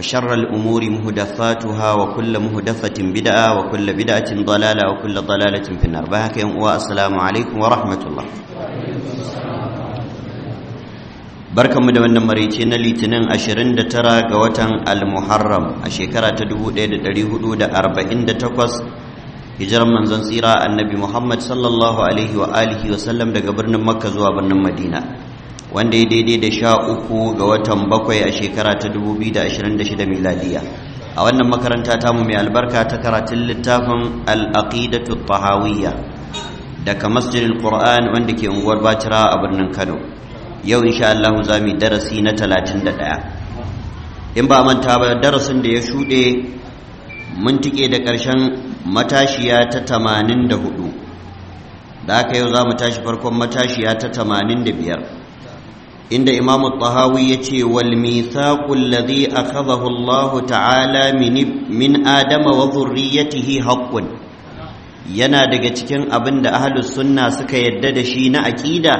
وشر الأمور مهدفاتها وكل مهدفة بدعة وكل بدعة ضلالة وكل ضلالة في النار بهك والسلام عليكم ورحمة الله barkan mu da wannan maraice na litinin 29 ga watan al-muharram a shekara ta 1448 hijirar manzon tsira annabi muhammad sallallahu alaihi wa alihi wa sallam daga birnin makka zuwa birnin madina wanda ya daidai da sha uku ga watan bakwai a shekara ta 2026 miladiya a wannan makaranta ta mu mai albarka ta karatun littafin al'aqidatu tahawiyya daga masjidin qur'an wanda ke unguwar bacira a birnin kano yau insha Allah za mu darasi na 31 in ba manta ba darasin da ya shuɗe mun da ƙarshen matashiya ta 84 da aka yau za mu tashi farkon matashiya ta 85 inda imamu tahawi ya ce wal mithaqul ladhi akhadahu ta'ala min adama wa dhurriyyatihi haƙƙun. yana daga cikin abin da ahlus sunna suka yadda da shi na aƙida?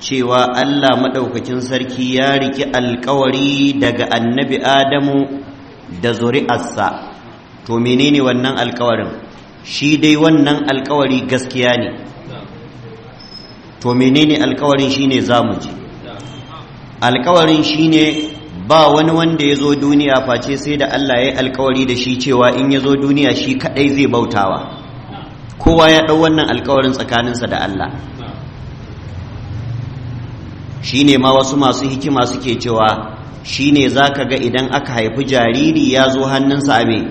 cewa Allah madaukakin sarki ya riki alkawari daga annabi Adamu da zuri'arsa to menene wannan alkawarin shi dai wannan alkawari gaskiya ne to menene alkawarin shine zamu ji alkawarin shine ba wani wanda ya zo duniya face sai da Allah ya yi alkawari da shi cewa in ya zo duniya shi kadai zai bautawa kowa ya ɗau wannan alkawarin tsakaninsa da Allah shi ne ma wasu masu hikima suke cewa shi ne za ka ga idan aka haifi jariri ya zo hannunsa a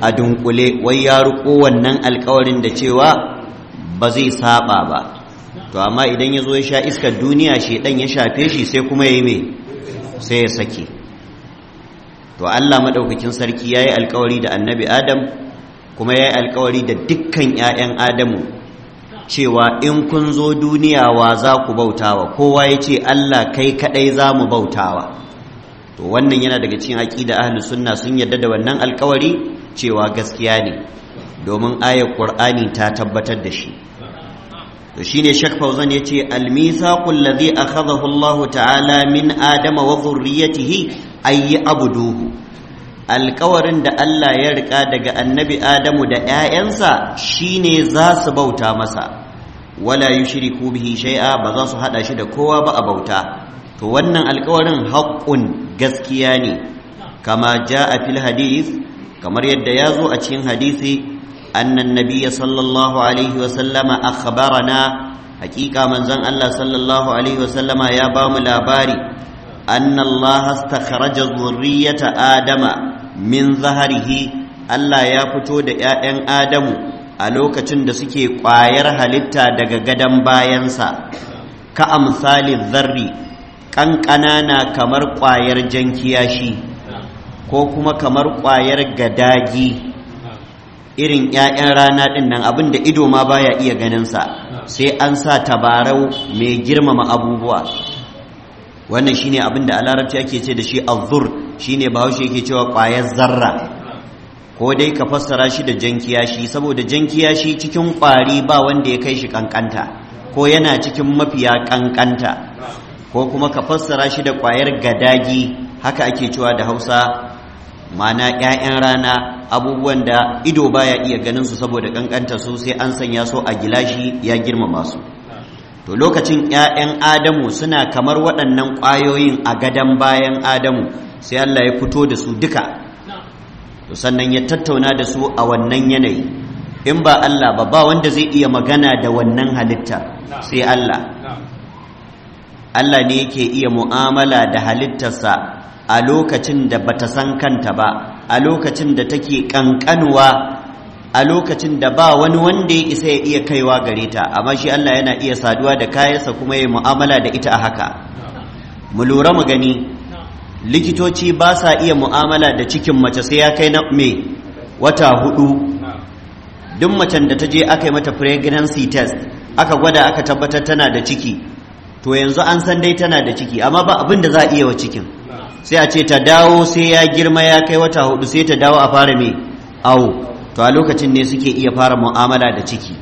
a dunkule wai ya riƙo wannan alkawarin da cewa ba zai saba ba to amma idan ya zo ya sha iskar duniya shi dan ya shafe shi sai kuma ya yi mai sai ya sake to Allah madaukakin sarki ya yi alkawari da annabi adam kuma ya yi alkawari da dukkan 'ya'yan adamu cewa in kun zo duniya wa za ku bautawa kowa ya ce Allah kai kaɗai za mu bautawa to wannan yana daga cikin da ahlus sunna sun yarda da wannan alkawari cewa gaskiya ne domin ayar ƙur'ani ta tabbatar da shi to shine Sheikh Fauzan yace al-mithaqul ladhi akhadahu Allah ta'ala min Adama wa dhurriyyatihi ay abuduhu alƙawarin da Allah ya rika daga annabi Adamu da ‘ya'yansa shine za su bauta masa wala yushriku bihi shai'a ba za su hada shi da kowa ba a bauta to wannan alƙawarin haƙƙun gaskiya ne kama a fil hadith kamar yadda ya zo a cikin hadisi أن النبي صلى الله عليه وسلم أخبرنا حقيقة من زن الله صلى الله عليه وسلم يا بام الأباري أن الله استخرج ذرية آدم من ظهره Allah ya fito da ‘ya'yan Adamu a lokacin da suke ƙwayar halitta daga gadon bayansa, ka amsali zarri, na kamar ƙwayar jan kiyashi, ko kuma kamar ƙwayar gadagi, irin 'ya'yan rana ɗin nan abin da ido ma baya iya ganinsa sai an sa tabarau mai girmama abubuwa wannan shine abin da a larabci ake ce da shi azur shine bahaushe yake cewa ƙwayar zarra ko dai ka fassara shi da jan kiyashi saboda jan kiyashi cikin ƙwari ba wanda ya kai shi kankanta ko yana cikin mafiya kankanta ko kuma ka fassara shi da ƙwayar gadagi haka ake cewa da hausa mana ƴaƴan rana abubuwan da ido baya iya ganin su saboda kankanta su sai an sanya su a gilashi ya girmama su to lokacin ƴaƴan adamu suna kamar waɗannan ƙwayoyin a gadan bayan adamu sai Allah ya fito da su duka to sannan ya tattauna da su a wannan yanayi in ba Allah ba ba wanda zai iya magana da wannan halitta sai Allah Allah ne yake iya mu'amala da halittarsa a lokacin da bata san kanta ba a lokacin da take kankanuwa a lokacin da ba wani wanda ya isa ya iya kaiwa gare ta amma shi Allah yana iya saduwa da kayansa kuma ya mu'amala da ita a haka mu lura mu gani likitoci ba sa iya mu'amala da cikin mace sai ya kai na me wata hudu duk macen da ta je aka yi mata pregnancy test aka gwada aka tabbatar tana da ciki to yanzu an san dai tana da ciki amma ba abin da za a iya wa cikin sai a ce ta dawo sai ya girma ya kai wata hudu sai ta dawo a fara mai awo to a lokacin ne suke iya fara mu'amala da ciki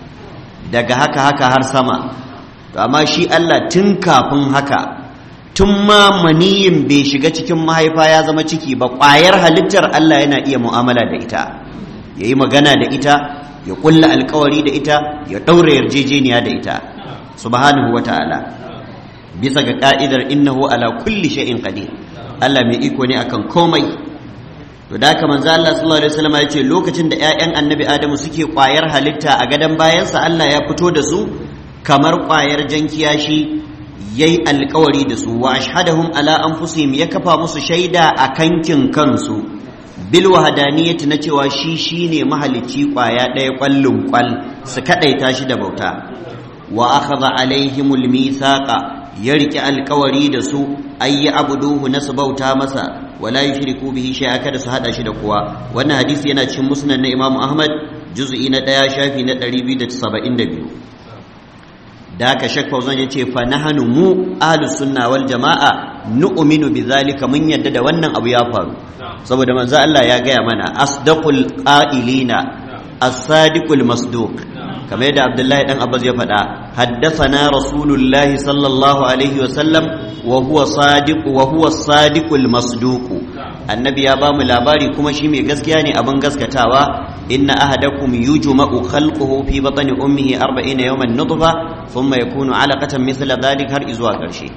daga haka haka har sama to amma shi Allah tun kafin haka tun ma maniyin bai shiga cikin mahaifa ya zama ciki ba ƙwayar halittar Allah yana iya mu'amala da ita ya yi magana da ita ya ƙulla alkawari da ita ya ɗaura yarjejeniya da ita subhanahu wa ta'ala bisa ga ka'idar innahu ala kulli sha'in qadir Allah mai iko ne akan komai to da kamar manzo Allah sallallahu alaihi wasallam ya ce lokacin da ƴaƴan annabi Adamu suke ƙwayar halitta a gadon bayansa Allah ya fito da su kamar ƙwayar jan kiyashi yayi alƙawari da su wa ashhadahum ala anfusihim ya kafa musu shaida a kankin kansu bil wahdaniyati na cewa shi shine mahalicci ƙwaya ɗaya ƙwallon ƙwal su kadaita shi da bauta wa akhadha alaihimul mithaqa ya riƙe alkawari da su ayyi abuduhu na su bauta masa wala yushriku bihi shay'a kada su haɗa shi da kowa wannan hadisi yana cikin musnad na Imam Ahmad juz'i na ɗaya shafi na 272 da ka shakka zan yace fa hannu mu ahlus sunna wal jamaa nu'minu zalika mun yadda da wannan abu ya faru saboda manzo Allah ya gaya mana asdaqul qa'ilina as-sadiqul masduq kamar yadda Abdullahi dan Abbas ya faɗa حدثنا رسول الله صلى الله عليه وسلم وهو صادق وهو الصادق المصدوق النبي يا بام لاباري كما شي مي غسكيا ني ابن غسكتاوا ان احدكم يجمع خلقه في بطن امه 40 يوما نطفه ثم يكون علقه مثل ذلك har izuwa karshe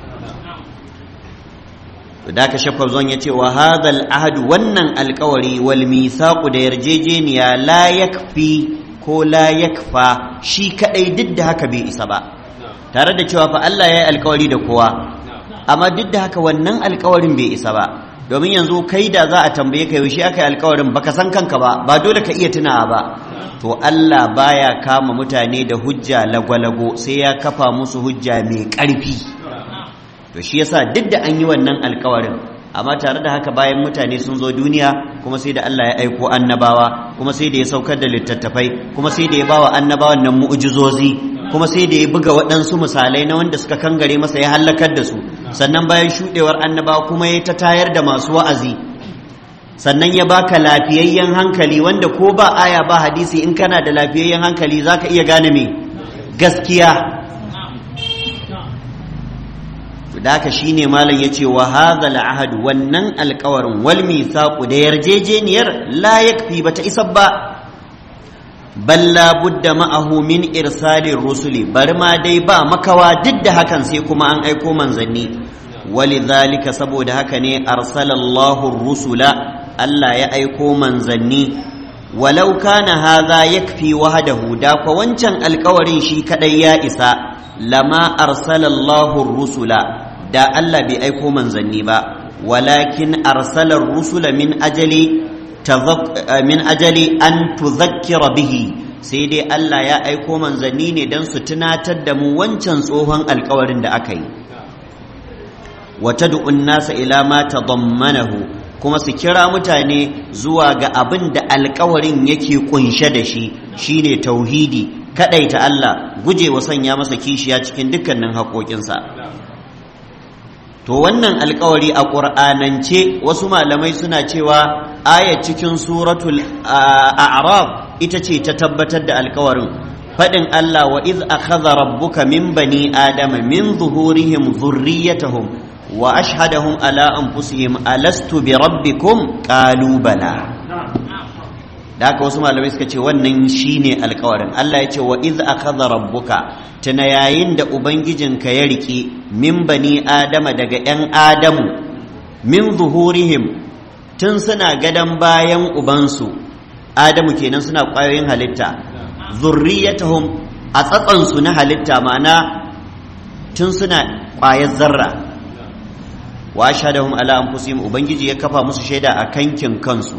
da ka shafa zon ya ce wa hadal ahadu wannan alkawari wal misaqu da yarjejeniya la yakfi ko la yakfa shi kadai duk da haka bai isa ba tare da cewa fa Allah ya yi alkawari da kowa amma duk da haka wannan alkawarin bai isa ba domin yanzu kai da za a tambaye ka yaushe aka yi alkawarin baka san kanka ba ba dole ka iya tunawa ba to Allah baya kama mutane da hujja lagwalago sai ya kafa musu hujja mai ƙarfi to shi yasa duk da an yi wannan alkawarin amma tare da haka bayan mutane sun zo duniya kuma sai da Allah ya aiko annabawa kuma sai da ya saukar da littattafai kuma sai da ya bawa annabawan nan mu'ujizozi kuma sai da ya buga waɗansu misalai na wanda suka kangare masa ya hallakar da su sannan bayan shuɗewar annabawa kuma ya ta tayar da masu wa'azi sannan ya baka lafiyayyen hankali wanda ko ba aya ba hadisi in kana da lafiyayyen hankali zaka iya gane me gaskiya daka shine malam ya ce wa haza ahad wannan alƙawarin wal mithaqu da yarjejeniyar la yakfi bata isa ba bal la budda ma'ahu min irsalir rusuli bari ma dai ba makawa duk da hakan sai kuma an aiko manzanni walidhalika saboda haka ne arsalallahu rusula Allah ya aiko manzanni walau kana haza yakfi wahdahu da wancan alkawarin shi kadai ya isa lama arsalallahu rusula da Allah bai aiko manzanni ba walakin arsalar rusula min ajali eh, min ajali an tuzakkira bihi sai dai Allah ya aiko manzanni ne don su tunatar da mu wancan tsohon alkawarin da aka yi wa tad'un nasa ila ma tadammanahu kuma su kira mutane zuwa ga abin da alkawarin yake kunshe da shi shine tauhidi kadaita Allah guje wa sanya masa kishiya cikin dukkanin haƙoƙinsa to wannan alkawari a ƙur'anance wasu malamai suna cewa aya cikin suratul a'raf ita ce ta tabbatar da alkawarin faɗin Allah wa iz akhadha rabbuka min bani adama min zuhurihim dhurriyyatahum wa ashhadahum ala anfusihim alastu bi rabbikum qalu bala da haka wasu malamai suka ce wannan shine alkawarin Allah ya ce wa iz akhadha rabbuka tana yayin da ubangijinka ya rike min bani adama daga yan adamu min zuhurihim tun suna gadan bayan ubansu adamu kenan suna kwayoyin halitta taho a tsatsansu na halitta ma'ana tun suna kwayar zarra wa ala anfusihim ubangiji ya kafa musu shaida a kankin kansu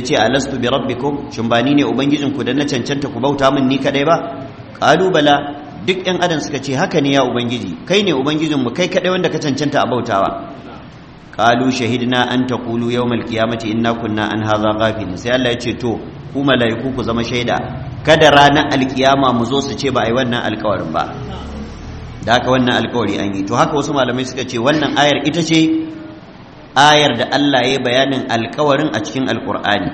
ce alastu bi rabbikum shin ba ne ubangijinku ku na cancanta ku bauta min ni kadai ba qalu bala duk yan adam suka ce haka ne ya ubangiji kai ne ubangijin mu kai kadai wanda ka cancanta a bautawa qalu shahidna an taqulu yawmal qiyamati inna kunna an hadha ghafilin sai Allah yace to ku malaiku ku zama shaida kada ranar alkiyama mu zo su ce ba ai wannan alƙawarin ba da haka wannan alkawari an yi to haka wasu malamai suka ce wannan ayar ita ce ayar da Allah ya bayanin alkawarin a cikin alkur'ani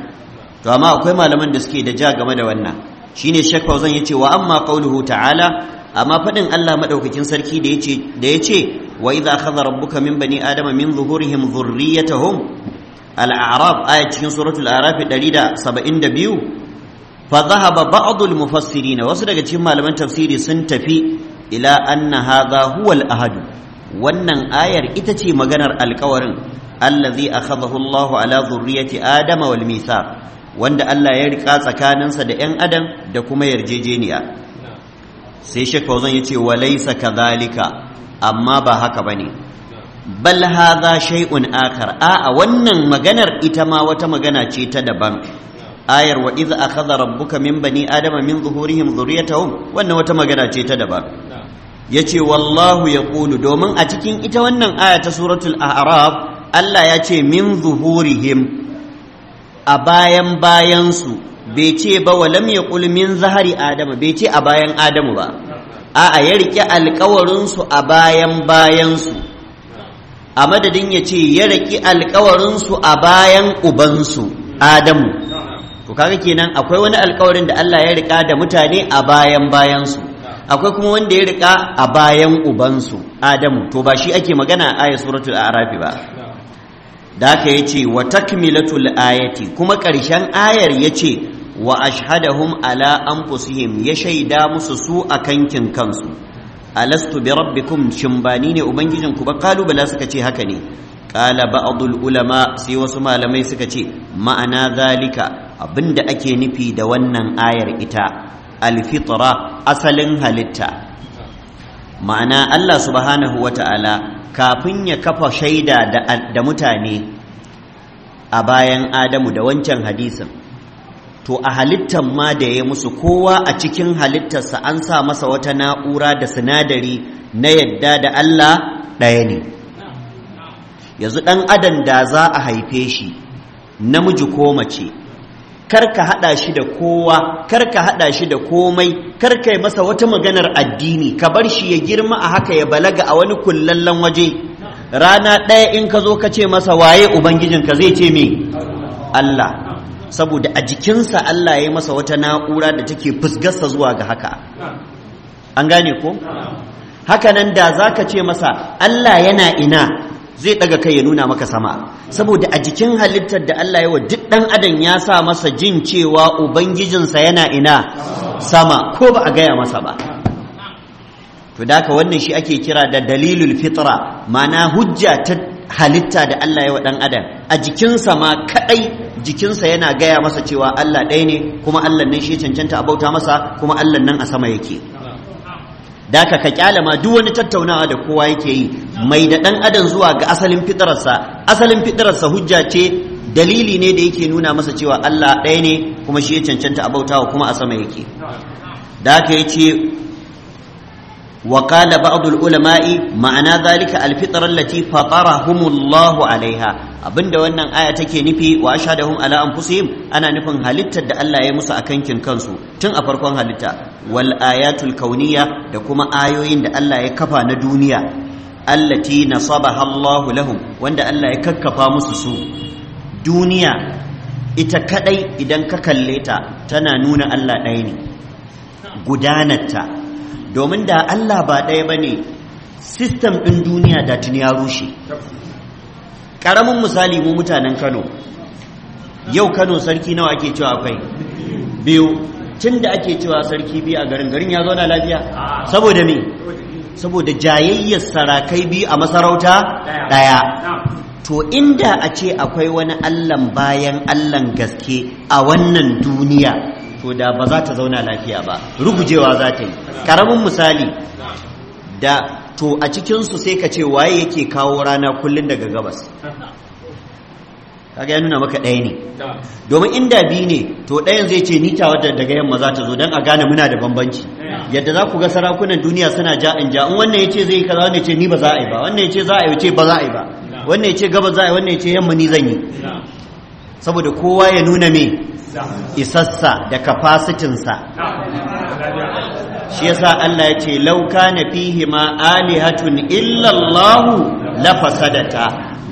to amma akwai malaman da suke da ja game da wannan shine shek Fauzan yace wa amma qauluhu ta'ala amma fadin Allah madaukakin sarki da yace da yace wa idza akhadha rabbuka min bani adama min zuhurihim dhurriyyatahum al-a'raf aya cikin suratul a'raf 172 fa dhahaba ba'd al-mufassirin wasu daga cikin malaman tafsiri sun tafi ila anna hadha huwa al-ahad wannan ayar ita ce maganar alkawarin allazi akhadahu Allahu ala zurriyyati adama wal mithaq wanda Allah ya rika tsakaninsa da ‘yan adam da kuma yarjejeniya sai Sheikh Fauzan ya ce kadhalika amma ba haka bane bal hadha shay'un akhar a wannan maganar ita ma wata magana ce ta daban ayar wa idh akhadha rabbuka min bani adama min zuhurihim dhurriyyatahum wannan wata magana ce ta daban yace wallahu yaqulu domin a cikin ita wannan aya ta suratul a'raf Allah ya ce min zuhurihim a bayan bayansu bai ce ba walam ya min zahari adama bai ce a bayan adamu ba a'a ya riƙe alkawarinsu a bayan bayansu a madadin ya ce ya riƙi alkawarinsu a bayan ubansu adamu to kaga kenan akwai wani alkawarin da Allah ya riƙa da mutane a bayan bayansu akwai kuma wanda ya riƙa a bayan ubansu adamu to ba shi ake magana a ayar suratul arafi ba da yi yace wa takmilatul ayati kuma ƙarshen ayar yace wa ashhadahum ala anfusihim ya shaida musu su a kankin kansu alastu bi rabbikum shimbani ne ubangijinku ba kalu bala suka ce haka ne qala ba'dul ulama sai wasu malamai suka ce ma'ana zalika abinda ake nufi da wannan ayar ita alfitra asalin halitta ma'ana Allah subhanahu wata'ala kafin ya kafa shaida da mutane a bayan Adamu da wancan hadisin to a halittar ma da ya musu kowa a cikin halittarsa an sa masa wata na'ura da sinadari na yadda da Allah ɗaya ne yanzu ɗan adam da za a haife shi namiji ko mace kar ka haɗa shi da kowa kar ka haɗa shi da komai kar ka yi masa wata maganar addini ka bar shi ya girma a haka ya balaga a wani kullallen waje rana ɗaya in ka zo ka ce masa waye ubangijin ka zai ce me Allah saboda a jikinsa Allah ya yi masa wata na'ura da take fusgarsa zuwa ga haka an gane ko haka nan da za ka ce masa Allah yana ina zai ɗaga kai ya nuna maka sama saboda a jikin halittar da Allah wa duk ɗan adam ya sa masa jin cewa ubangijinsa yana ina sama ko ba a gaya masa ba to da haka wannan shi ake kira da dalilul fitra mana hujja ta halitta da Allah wa ɗan adam a jikinsa ma kaɗai jikinsa yana gaya masa cewa Allah ɗaya ne kuma Allah nan shi cancanta a bauta masa kuma Allah nan a sama yake da ka ka kyale ma duk wani tattaunawa da kowa yake yi mai da dan adam zuwa ga asalin fitararsa asalin fitararsa hujja ce dalili ne da yake nuna masa cewa Allah ɗaya ne kuma shi ya cancanta a bautawa kuma a sama yake da yi yace وقال بعض العلماء zalika, ذلك latifa, التي فطرهم الله عليها abinda wannan aya take nufi wa ashhadahum ala anfusihim ana nufin halittar da Allah ya musu akan kin kansu tun a farkon halitta wal ayatul kauniyya da kuma ayoyin da Allah ya kafa na duniya allati nasabaha lahu lahum wanda Allah ya kakkafa musu su duniya ita kadai idan ka kalleta tana nuna Allah ɗaya ne gudanarta domin da Allah ba ɗaya ba ne sistem ɗin duniya da tuni ya rushe ƙaramin misali mu mutanen kano yau kano sarki nawa ake cewa akwai biyu tun da ake cewa sarki biyu a garin garin ya zauna lafiya saboda me saboda jayayyar sarakai biyu a masarauta ɗaya to inda a ce akwai wani allan bayan allan gaske a wannan duniya to da ba za ta zauna lafiya ba rugujewa za ta yi karamin misali da to a cikinsu sai ka ce waye yake kawo rana kullum daga gabas kaga ya nuna maka ɗaya ne domin inda biyu ne to ɗayan zai ce nita wadda daga yamma za ta zo don a gane muna da bambanci yadda za ku ga sarakunan duniya suna ja in ja in wannan ya ce zai kaza wannan ya ce ni ba za a yi ba wannan ya ce za a yi ce ba za a yi ba wannan ya ce gabas za a yi wannan ya ce yamma ni zan yi saboda kowa ya nuna me isassa da kafasitinsa shi yasa Allah ya ce lauka na fihi ma alihatun illallahu la fasadata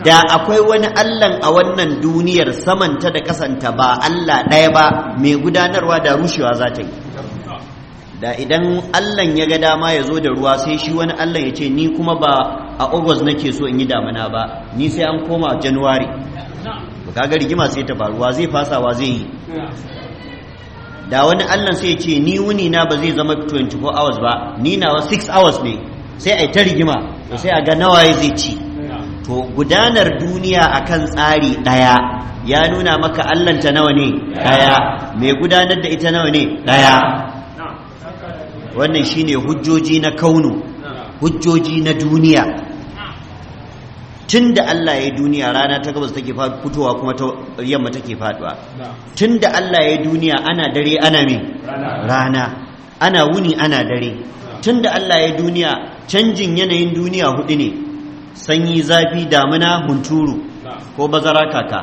da akwai wani allan a wannan duniyar samanta da kasanta ba Allah ɗaya ba mai gudanarwa da rushewa za ta yi da idan allan ya ga dama ya zo da ruwa sai shi wani allan ya ce ni kuma ba a ogos nake so in yi damana ba ni sai an koma januwari kaga rigima sai ta faru. Wa zai fasa wa zai yi da wani allah sai ce ni wuni na ba zai zama 24 hours ba ni nawa 6 hours ne sai a yi ta rigima sai a ga ya zai ci to gudanar duniya a kan tsari ɗaya ya nuna maka ta nawa ne ɗaya mai gudanar da ita nawa ne ɗaya wannan shine hujjoji na kaunu hujjoji na duniya tun da Allah ya duniya rana ta gabas take fitowa kuma ta yamma take faduwa tun da Allah ya duniya ana dare ana me rana ana wuni ana dare tun da Allah ya duniya canjin yanayin duniya hudu ne sanyi zafi damina hunturu ko bazara kaka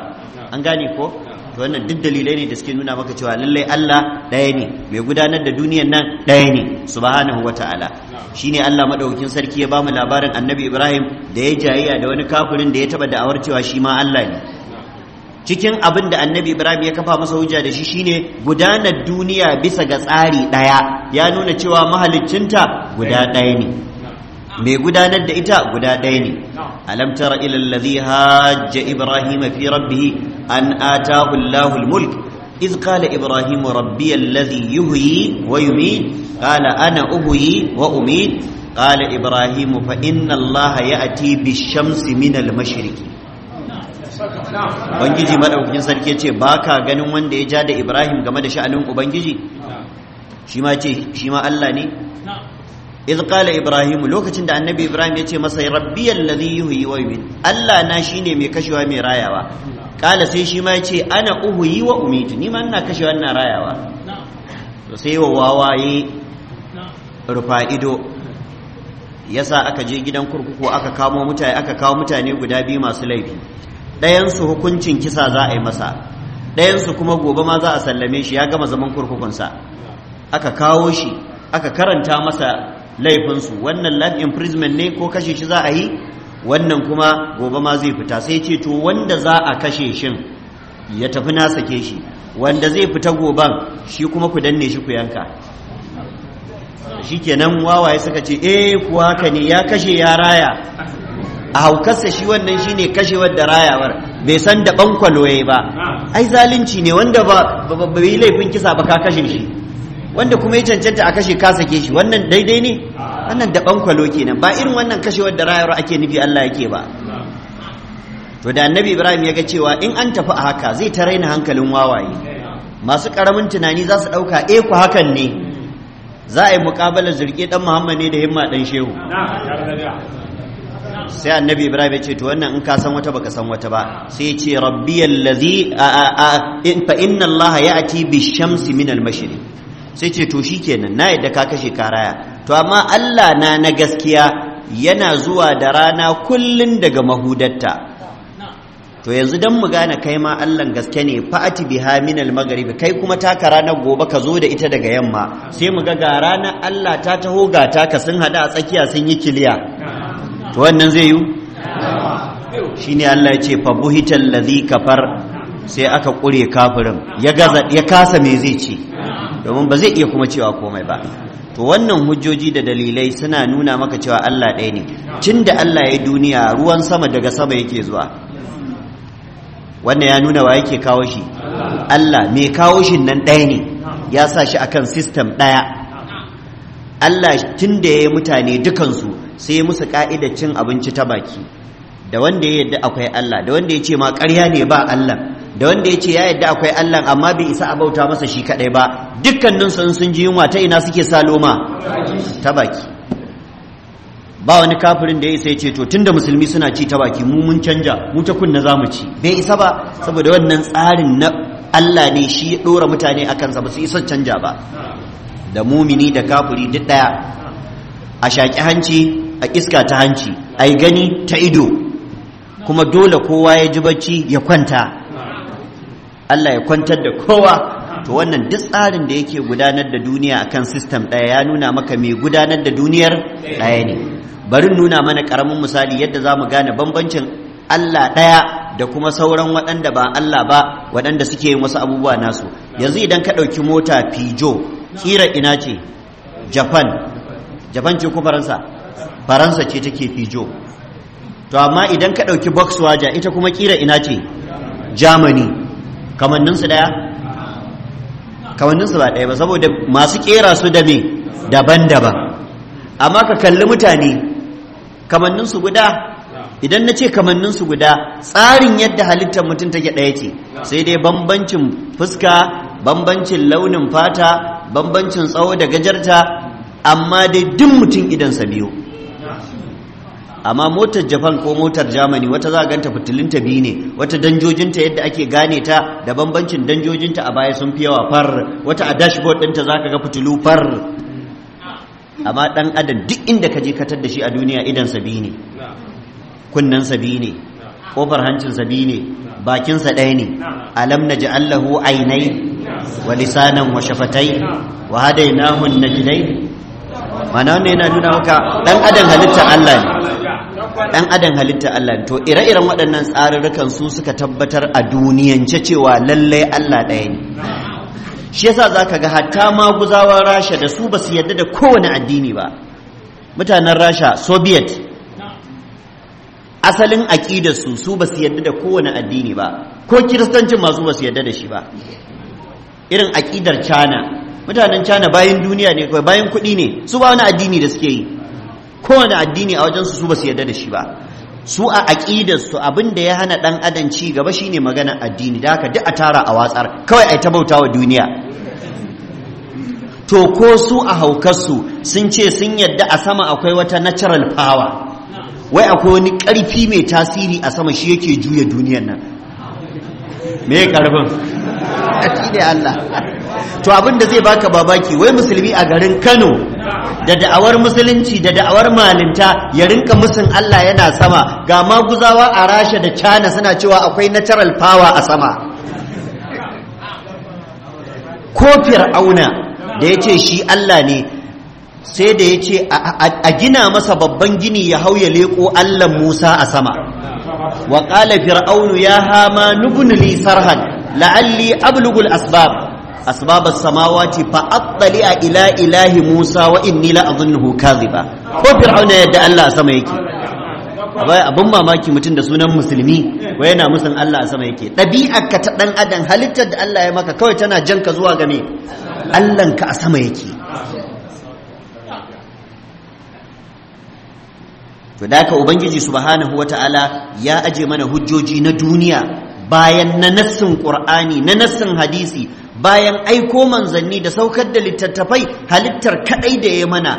an gane ko to wannan duk dalilai ne da suke nuna maka cewa lallai Allah ɗaya ne mai gudanar da duniyan nan ɗaya ne subhanahu wata'ala shine Allah madaukakin sarki ya bamu labarin Annabi Ibrahim da ya jayayya da wani kafirin da ya taba da'awar cewa shi ma Allah ne cikin abin da annabi ibrahim ya kafa masa hujja da shi ne gudanar duniya bisa ga tsari ɗaya ya nuna cewa mahaliccinta guda ɗaya ne mai gudanar da ita guda ɗaya ne alam tara ila hajja ibrahim fi rabbihi an ata Allahul mulk iz qala ibrahimu rabbi alladhi yuhyi wa yumiit kala ana uhuyi wa umi kala ibrahimu fa inna Allah ya'ti bish-shamsi minal mashiriki Bangiji ubangiji sarki ya ce ba ka ganin wanda ya ja da ibrahim game da sha'anin ubangiji shi ma ce shi ma allah ne iz qala ibrahim lokacin da annabi ibrahim yace masa rabbiyal ladhi yuhyi wa yumiit Allah na shine mai kashewa mai rayawa kala sai shi ma yace ana uhyi wa umiitu ni ma ina kashewa ina rayawa to sai wa wawaye rufa yasa aka je gidan kurkuku aka kamo mutane aka kawo mutane guda biyu masu laifi Ɗayansu su hukuncin kisa za a yi masa ɗayansu su kuma gobe ma za a sallame shi ya gama zaman kurkukunsa aka kawo shi aka karanta masa laifinsu wannan life imprisonment ne ko kashe shi za a yi wannan kuma gobe ma zai fita sai ce to wanda za a kashe shin ya tafi na sake shi wanda zai fita goban shi kuma ku danne shi ku yanka shikenan wawaye suka ce eh kuwa haka ne ya kashe ya raya a haukarsa shi wannan shi ne kashewar da rayawar bai san da bankwaloye ba ai zalunci ne wanda ba bai laifin kisa ba ka kashe shi wanda kuma ya cancanta a kashe ka sake shi wannan daidai ne wannan daban kwalo kenan ba irin wannan kashe wadda rayuwar ake nufi Allah yake ba to da annabi Ibrahim ya ga cewa in an tafi a haka zai ta raina hankalin wawaye masu karamin tunani za su ɗauka e ku hakan ne za a yi mukabala zirƙe ɗan Muhammad ne da himma dan shehu sai annabi ibrahim ya ce to wannan in ka san wata baka san wata ba sai ya ce rabbiyal ladhi fa inna allaha ya'ti bi shamsi min al mashriq sai ce to shi kenan, na yadda ka kashe karaya to amma Allah na na gaskiya yana zuwa da rana kullun daga mahudatta to yanzu dan mu gane kai ma Allah gaske ne fa'ati biha min al-maghrib kai kuma taka ranar gobe ka zo da ita daga yamma sai mu ga ga rana Allah ta taho ga ka sun hada a tsakiya sun yi kiliya to wannan zai yi shine Allah ya ce fa buhital ladhi kafar sai aka kure kafirin ya gaza ya kasa me zai ce domin ba zai iya kuma cewa komai ba to wannan hujjoji da dalilai suna nuna maka cewa Allah ɗaya ne cin da Allah ya duniya ruwan sama daga sama yake zuwa wannan ya nuna wa yake kawo shi Allah mai kawo shi nan ɗaya ne ya sa shi akan sistem ɗaya Allah tun da ya yi mutane dukansu sai musu ƙa'idar cin abinci ta baki da wanda ya yadda akwai Allah da wanda ya ce ma ƙarya ne ba Allah da wanda ya ce ya yadda akwai Allah amma bai isa a bauta masa shi kadai ba dukkanin sun sun ji yunwa ta ina suke sa loma ta baki ba wani kafirin da ya isa ya ce to da musulmi suna ci ta baki mu mun canja mu ta kunna za mu ci bai isa ba saboda wannan tsarin na Allah ne shi ya dora mutane akan sa ba su isa canja ba da mumini da kafiri duk daya a shaki hanci a iska ta hanci a gani ta ido kuma dole kowa ya ji bacci ya kwanta Allah ya kwantar da kowa to wannan duk tsarin da yake gudanar da duniya akan system ɗaya ya nuna maka mai gudanar da duniyar ɗaya ne bari nuna mana ƙaramin misali yadda za mu gane bambancin Allah ɗaya da kuma sauran waɗanda ba Allah ba waɗanda suke yin wasu abubuwa nasu yanzu idan ka ɗauki mota Pijo kira ina ce Japan Japan ce ko Faransa Faransa ce take Pijo to amma idan ka ɗauki Volkswagen ita kuma kira ina ce Germany kamanninsu daya? kamanninsu ba ɗaya ba saboda masu kera su da me daban-daban amma ka kalli mutane kamanninsu guda idan na ce kamanninsu guda tsarin yadda halittar mutum take ɗaya ce sai dai bambancin fuska bambancin launin fata bambancin tsawo da gajarta amma dai duk mutum idansa biyu amma motar japan ko motar germany wata za fitilunta ganta fitilinta biyu ne wata danjojinta yadda ake gane ta da bambancin danjojinta a baya sun fi yawa far wata a dashboard ɗinta za ka ga fitilu far amma ɗan adam duk inda ka je katar da shi a duniya idan sabi ne kunnen sabi ne kofar hancin sabi ne bakinsa ɗaya ne alam na ji allahu ainai wa lisanan wa shafatai wa hadainahu najdai mana wannan yana nuna maka dan adan halitta Allah ne dan adam halitta Allah ne to ire-iren waɗannan tsarurrukan su suka tabbatar a duniyance cewa lallai Allah ɗaya ne shi yasa zaka ga hatta ma maguzawan Rasha da su basu yarda da kowane addini ba mutanen Rasha Soviet asalin aƙidarsu su su basu yarda da kowane addini ba ko kiristancin masu basu yarda da shi ba irin aƙidar China mutanen cana bayan duniya ne kawai bayan kuɗi ne su ba wani addini da suke yi kowane addini a wajen su su ba su yarda da shi ba su a aqidar su abin da ya hana dan adam ci gaba shine magana addini da haka duk a tara a watsar kawai ai ta wa duniya to ko su a haukar su sun ce sun yarda a sama akwai wata natural power wai akwai wani ƙarfi mai tasiri a sama shi yake juya duniyar nan me ƙarfin ne Allah to abin da zai baka babaki wai musulmi a garin Kano da da'awar musulunci da da'awar malinta ya rinka musun Allah yana sama ga maguzawa a Rasha da China suna cewa akwai natural power a sama ko fir'auna da ya ce shi Allah ne sai da ya ce a gina masa babban gini ya hau ya leƙo Allah Musa a sama wa ƙala fir'aunu ya hama nubnili sarhan la'alli ablugul asbab asbab as-samawati fa attali'a ila ilahi Musa wa inni la adhunnuhu kadhiba ko fir'auna yadda Allah a sama yake bai abin mamaki mutum da sunan musulmi wai yana musun Allah a sama yake ɗabi'ar ka ta ɗan adam halittar da Allah ya maka kawai tana jan ka zuwa game Allah ka a sama yake to da ka ubangiji subhanahu wata'ala ya aje mana hujjoji na duniya bayan na nassin qur'ani na nassin hadisi bayan aiko manzanni da saukar da littattafai halittar kaɗai da ya mana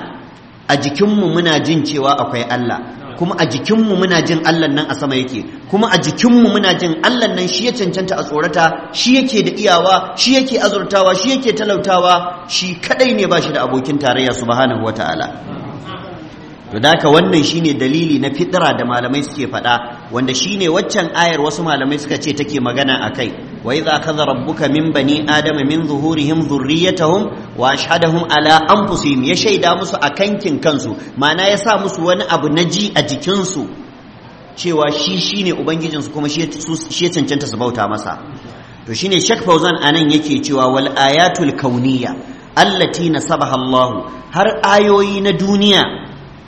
a jikinmu muna jin cewa akwai Allah kuma a jikinmu muna jin Allah nan a sama yake kuma a jikinmu muna jin Allah nan shi ya cancanta a tsorata shi yake da iyawa shi yake azurtawa shi yake talautawa shi kaɗai ne ba shi da abokin tarayya subhanahu wataala to da wannan shine dalili na fitira da malamai suke faɗa wanda shine waccan ayar wasu malamai suka ce take magana akai wa idza akhadha rabbuka min bani adama min zuhurihim dhurriyyatahum wa ashhadahum ala anfusihim ya shaida musu a kankin kansu ma'ana ya sa musu wani abu na ji a jikinsu cewa shi shine ubangijinsu kuma shi ya cancanta su bauta masa to shine shak Fauzan anan yake cewa wal ayatul kauniyya allati nasabaha Allah har ayoyi na duniya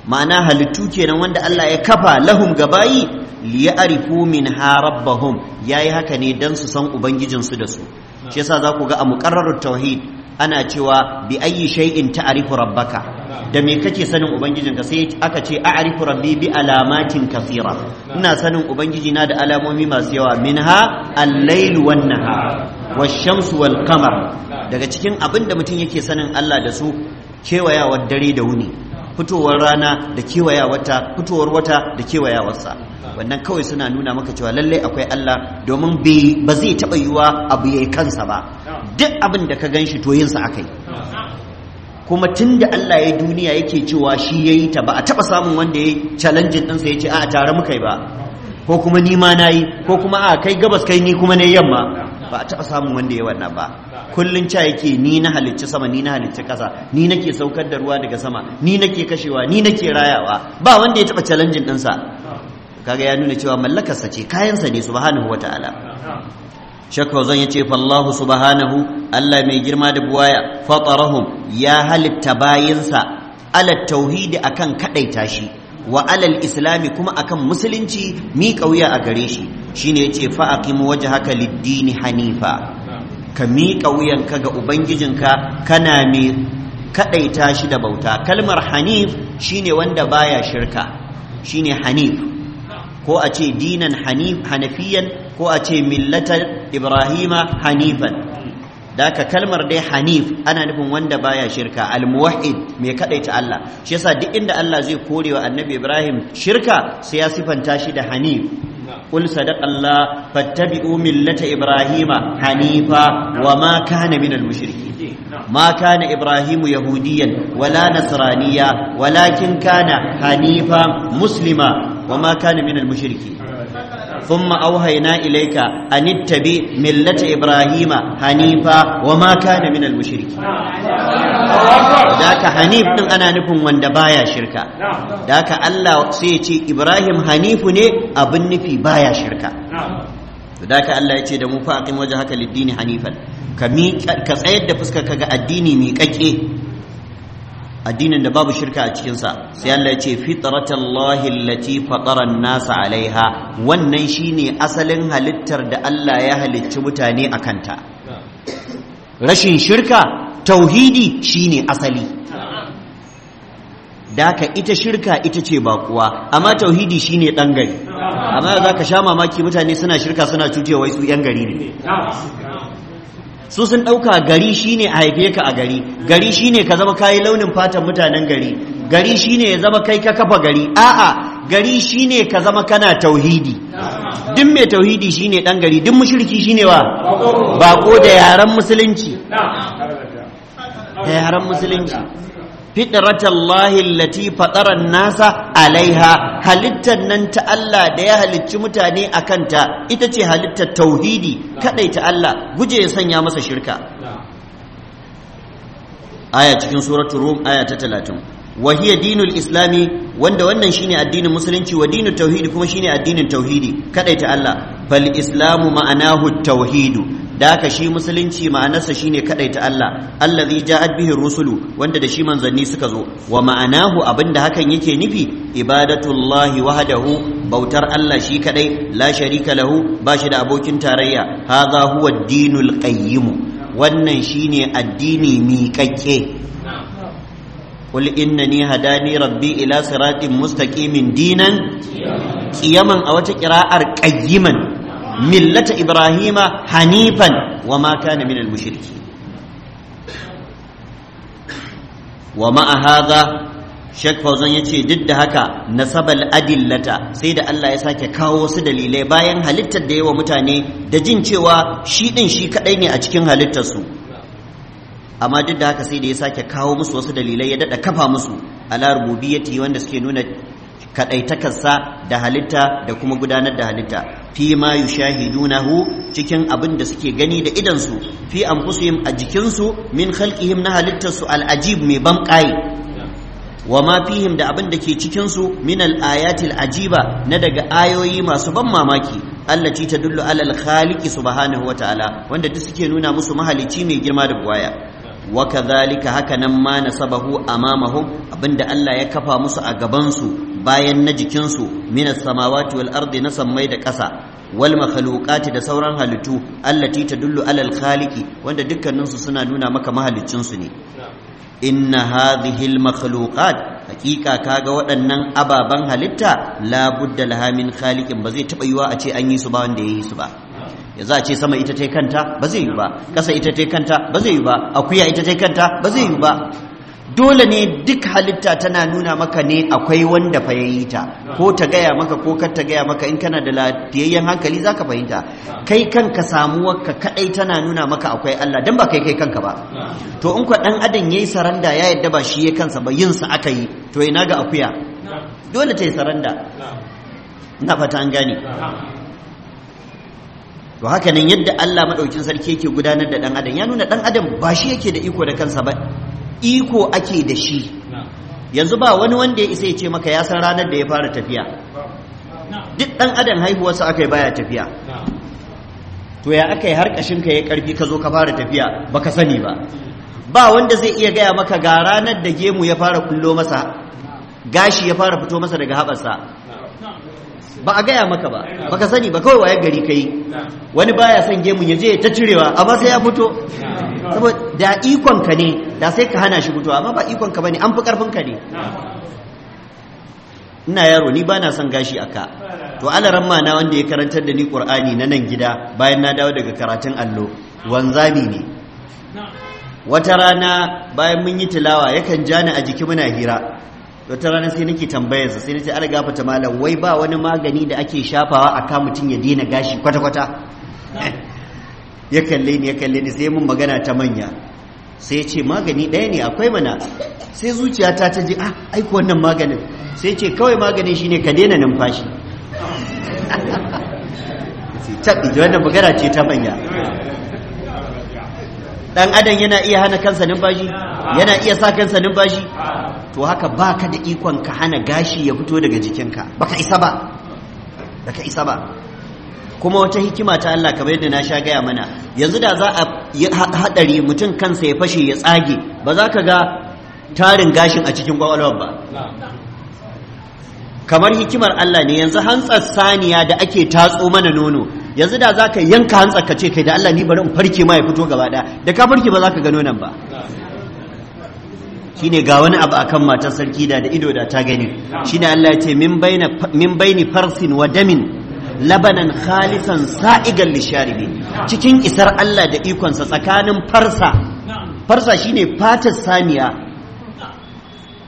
ma'ana halittu kenan wanda Allah ya kafa lahum gabayi min minha rabbahum yayi haka ne dan su san ubangijin su da su shi yasa za ku ga a muqarrarut tauhid ana cewa bi ayyi shay'in ta'rifu rabbaka da me kake sanin ubangijinka sai aka ce a'rifu rabbi bi alamatin kathira ina sanin ubangiji na da alamomi masu yawa minha al-layl wan nahar wash-shamsu wal qamar daga cikin abinda mutum yake sanin Allah da su kewayawar dare da wuni fitowar rana da kewaya wata fitowar wata da kewaya kewayawarsa wannan kawai suna nuna maka cewa lallai akwai Allah domin ba zai taɓa yiwuwa abu ya kansa ba duk abin da ka ganshi to yinsa akai kuma tun da Allah ya duniya yake cewa shi ya yi ta ba a taɓa samun wanda ya challenge ɗinsa ya ce a tare muka yi ba ko kuma ni ma na yi ko kuma a kai gabas kai ni kuma ne yamma ba a taɓa samun wanda ya wannan ba kullun ca yake ni na halicci sama ni na halicci ƙasa ni nake saukar da ruwa daga sama ni nake kashewa ni nake rayawa ba wanda ya taɓa din ɗinsa kaga ya nuna cewa mallakarsa ce kayansa ne subhanahu wata'ala shakwa zan yace fallahu subhanahu Allah mai girma da buwaya fatarahum ya halitta bayinsa ala tauhidi akan kadaita shi wa alal islami kuma akan musulunci mi kauya a gare shi shine yace fa aqim wajhaka lid-dini hanifa ka miƙa wuyanka ga ubangijinka kana mai kadaita shi da bauta kalmar hanif shine wanda baya shirka shine hanif ko a ce dinan hanif hanafiyan ko a ce millatar ibrahima hanifan daka kalmar dai hanif ana nufin wanda baya shirka almuwahid mai kadaita Allah shi yasa duk inda Allah zai wa annabi Ibrahim shirka sai ya sifanta shi da hanif qul sadaqallah fattabi'u millata ibrahima hanifa wa ma kana minal mushrikeen ما كان إبراهيم يهوديا ولا نصرانيا ولكن كان حنيفا مسلما وما كان من المشركين thumma auhayna ilaika an ittabi millata ibrahima hanifa wa ma kana minal mushriki daka hanif ɗin ana nufin wanda baya shirka daka Allah sai ya ce ibrahim hanifu ne abin nufi baya shirka daka Allah ya ce da mu fa aqim wajhaka lid hanifan ka tsayar da fuskar ka ga addini miƙaƙe addinin da babu shirka a cikinsa sai Allah ya ce fitratallahi allati fatara an-nasa alaiha wannan shine asalin halittar da Allah ya halicci mutane a kanta rashin shirka tauhidi shine asali daka ita shirka ita ce bakuwa amma tauhidi shine ɗan gari amma za ka sha mamaki mutane suna shirka suna cutewa su yan gari ne su sun ɗauka gari shine a haife ka a gari gari shine ka zama kayi launin fatan mutanen gari gari shine ya zama kai ka kafa gari a'a gari shine ka zama kana tauhidi duk mai tauhidi shine dan gari duk mushriki shine wa bako da yaran musulunci da yaran musulunci fitratallahi latifa fataran nasa alaiha halittar nan ta Allah da ya halicci mutane a kanta ita ce halittar tauhidi ta Allah guje ya sanya masa shirka aya cikin suratul rum aya ta talatin, wa hiya dinul islami wanda wannan shine addinin musulunci wa dinul tauhidi kuma shine addinin tauhidi ta Allah bal islamu ma'anahu tauhidu da haka shi musulunci ma'anarsa shine ta Allah allazi ja bihi rusulu wanda da shi manzanni suka zo wa ma'anahu abinda hakan yake nufi ibadatullahi hu. bautar Allah shi kaɗai. la sharika lahu ba shi da abokin tarayya hadha huwa dinul qayyim wannan shine addini miƙaƙƙe قل إنني هداني ربي إلى صراط مستقيم دينا قيما أو تقراء قيما millata ibrahima hanifan wa ma kana min al-mushriki wa ma hadha Sheikh Fauzan ya ce duk da haka nasabal adillata sai da Allah ya sake kawo wasu dalilai bayan halittar da yawa mutane da jin cewa shi din shi kadai ne a cikin halittarsu amma duk da haka sai da ya sake kawo musu wasu dalilai ya dada kafa musu ala rububiyyati wanda suke nuna kaɗaitakarsa da halitta da kuma gudanar da halitta fi ma yushahidunahu cikin abin da suke gani da idansu fi anfusihim a jikinsu min khalqihim na halittarsu al'ajib mai banƙaye wa ma fihim da abin da ke cikinsu min al'ayatil ajiba na daga ayoyi masu ban mamaki Allah ci ta dullu alal khaliqi subhanahu wa ta'ala wanda duk suke nuna musu mahalici mai girma da buwaya wa kadhalika haka nan ma nasabahu amamahum abinda Allah ya kafa musu a gabansu. bayan na jikinsu minas samawati wal ardi na sammai da ƙasa wal makhluqati da sauran halittu allati tadullu alal khaliqi wanda dukkaninsu suna nuna maka mahaliccinsu ne inna hadhihi al makhluqat haqiqa kaga waɗannan ababan halitta la budda laha min khaliqin ba zai taɓa yiwa a ce an yi su ba wanda ya yi su ba ya za a ce sama ita ta kanta ba zai yi ba ƙasa ita ta kanta ba zai yi ba akuya ita ta kanta ba zai yi ba dole ne duk halitta tana nuna maka ne akwai wanda fa yayi ta ko ta gaya maka ko kar ta gaya maka in kana da lafiyayyen hankali za ka fahimta kai kanka samuwarka kadai tana nuna maka akwai Allah dan ba kai kai kanka ba to in kwa dan adam yayi saranda ya yadda ba shi ya kansa ba yin sa aka yi to ina ga akuya dole ta yi saranda ina fata an gane to haka nan yadda Allah Maɗaukin sarki yake gudanar da dan adam ya nuna dan adam ba shi yake da iko da kansa ba iko ake da shi yanzu ba wani wanda ya isa ya ce maka ya san ranar da ya fara tafiya duk ɗan adam haihuwarsa aka yi baya tafiya to ya aka yi har ka ya karfi ka zo ka fara tafiya baka sani ba ba wanda zai iya gaya maka ga ranar da gemu ya fara kullo masa gashi ya fara fito masa daga haɓarsa ba a gaya maka ba baka sani ba kawai waye gari kai wani baya son gemun ya je ta cirewa amma sai ya fito saboda da ikon ka ne da sai ka hana shi fitowa amma ba ikon ka bane an fi karfin ka ne ina yaro ni bana son gashi aka to alaran ma na wanda ya karantar da ni qur'ani na nan gida bayan na dawo daga karatun allo wanzami ne wata rana bayan mun yi tilawa yakan ja ni a jiki muna hira wata rana sai nake tambayar sa sai nace an gafata malam wai ba wani magani da ake shafawa aka mutum ya daina gashi kwata kwata ya kalle ni ya kalle ni sai mun magana ta manya sai ce magani ɗaya ne akwai mana sai zuciyata ta ji ah aiko wannan maganin sai ce kawai maganin shine ka daina numfashi taɓi wannan magana ce ta manya Dan adam yana iya hana kansa numfashi yana iya sa kansa numfashi to haka baka da ikon ka hana gashi ya fito daga jikinka baka isa ba baka isa ba kuma wata hikima ta Allah kamar yadda na sha gaya mana yanzu da za a haɗari mutum kansa ya fashe ya tsage ba za ka ga tarin gashin a cikin kwakwalwar ba kamar hikimar Allah ne yanzu hantsar saniya da ake tatso mana nono yanzu da za ka yanka hantsar ka ce kai da Allah ni bari in farke ma ya fito gaba ɗaya da ka farke ba za ka ga nonon ba shine ga wani abu akan matar sarki da da ido da ta gani shine Allah ya ce min baini farsin wa damin labanan khalisan sa'igan lisharibi cikin isar Allah da ikonsa tsakanin farsa farsa shine fatar saniya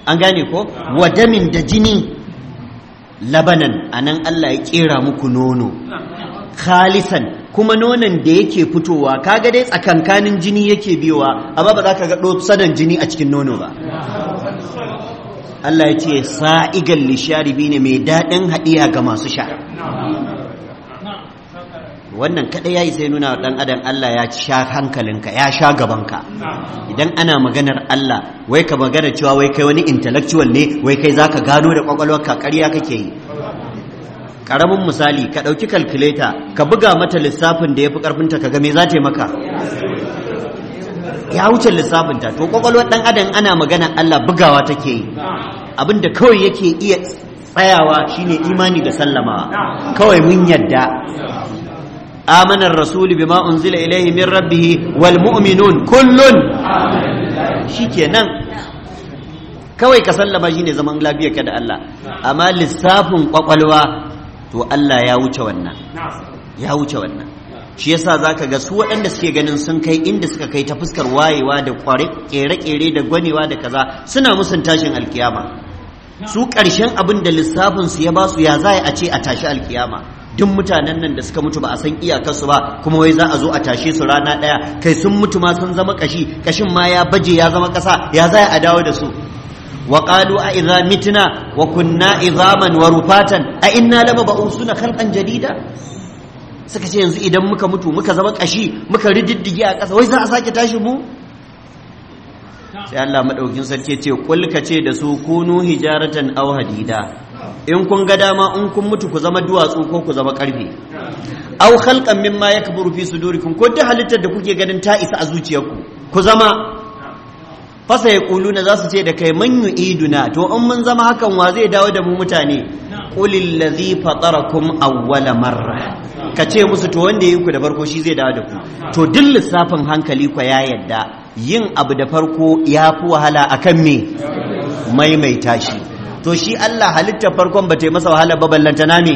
an gane ko wadamin da jini labanan anan Allah ya kera muku nono khalisan kuma nonon da yake fitowa kaga dai tsakankanin jini yake biyowa amma ba za ka ga sadan jini a cikin nono ba Allah ya ce sa'igan lisharibi ne mai daɗin haɗiya ga masu sha wannan ya yi sai nuna dan adam Allah ya sha hankalinka ya sha gabanka idan ana maganar Allah wai ka magana cewa wai kai wani intellectual ne wai kai zaka gano da ka ƙarya kake yi karamin misali ka ɗauki calculator ka buga mata lissafin da ya fi ƙarfinta ka ga me za ta yi maka ya wuce lissafinta to kwakwalwar ɗan adam ana magana Allah bugawa take yi abinda kawai yake iya tsayawa shine imani da sallamawa kawai mun yadda آمن الرسول بما أنزل إليه من ربه والمؤمنون كل شكرا kawai ka sallama shi ne zaman lafiyar ka da Allah amma lissafin kwakwalwa to Allah ya wuce wannan ya wuce shi yasa zaka ga su waɗanda suke ganin sun kai inda suka kai ta fuskar wayewa da kware kere-kere da gwanewa da kaza suna musun tashin alkiyama su ƙarshen abin da lissafin su ya su ya za a ce a tashi alkiyama duk mutanen nan da suka mutu ba a san iyakarsu ba kuma wai za a zo a tashe su rana ɗaya kai sun mutu ma sun zama kashi kashin ma ya baje ya zama ƙasa ya za a dawo da su wa qalu a idza mitna wa kunna idhaman wa rufatan a inna lamab'usuna khalqan jadida suka ce yanzu idan muka mutu muka zama kashi muka rididdige a ƙasa wai za a sake tashi mu sai Allah madaukin sarki ce kulka ce da su kunu hijaratan aw hadida in kun ga dama in kun mutu ku zama duwatsu ko ku zama karfe aw khalqan mimma yakburu fi sudurikum ko duk halittar da kuke ganin ta isa a zuciyarku ku zama fasa ya kuluna za su ce da kai man iduna. to in mun zama hakan wa zai dawo da mu mutane qulil ladhi fatarakum awwala marra ka ce musu to wanda yayi ku da farko shi zai dawo da ku to duk lissafin hankali ku ya yadda yin abu da farko ya fi wahala akan me maimaita shi to shi Allah halitta farkon ba ta yi masa wahala ba ballanta na ne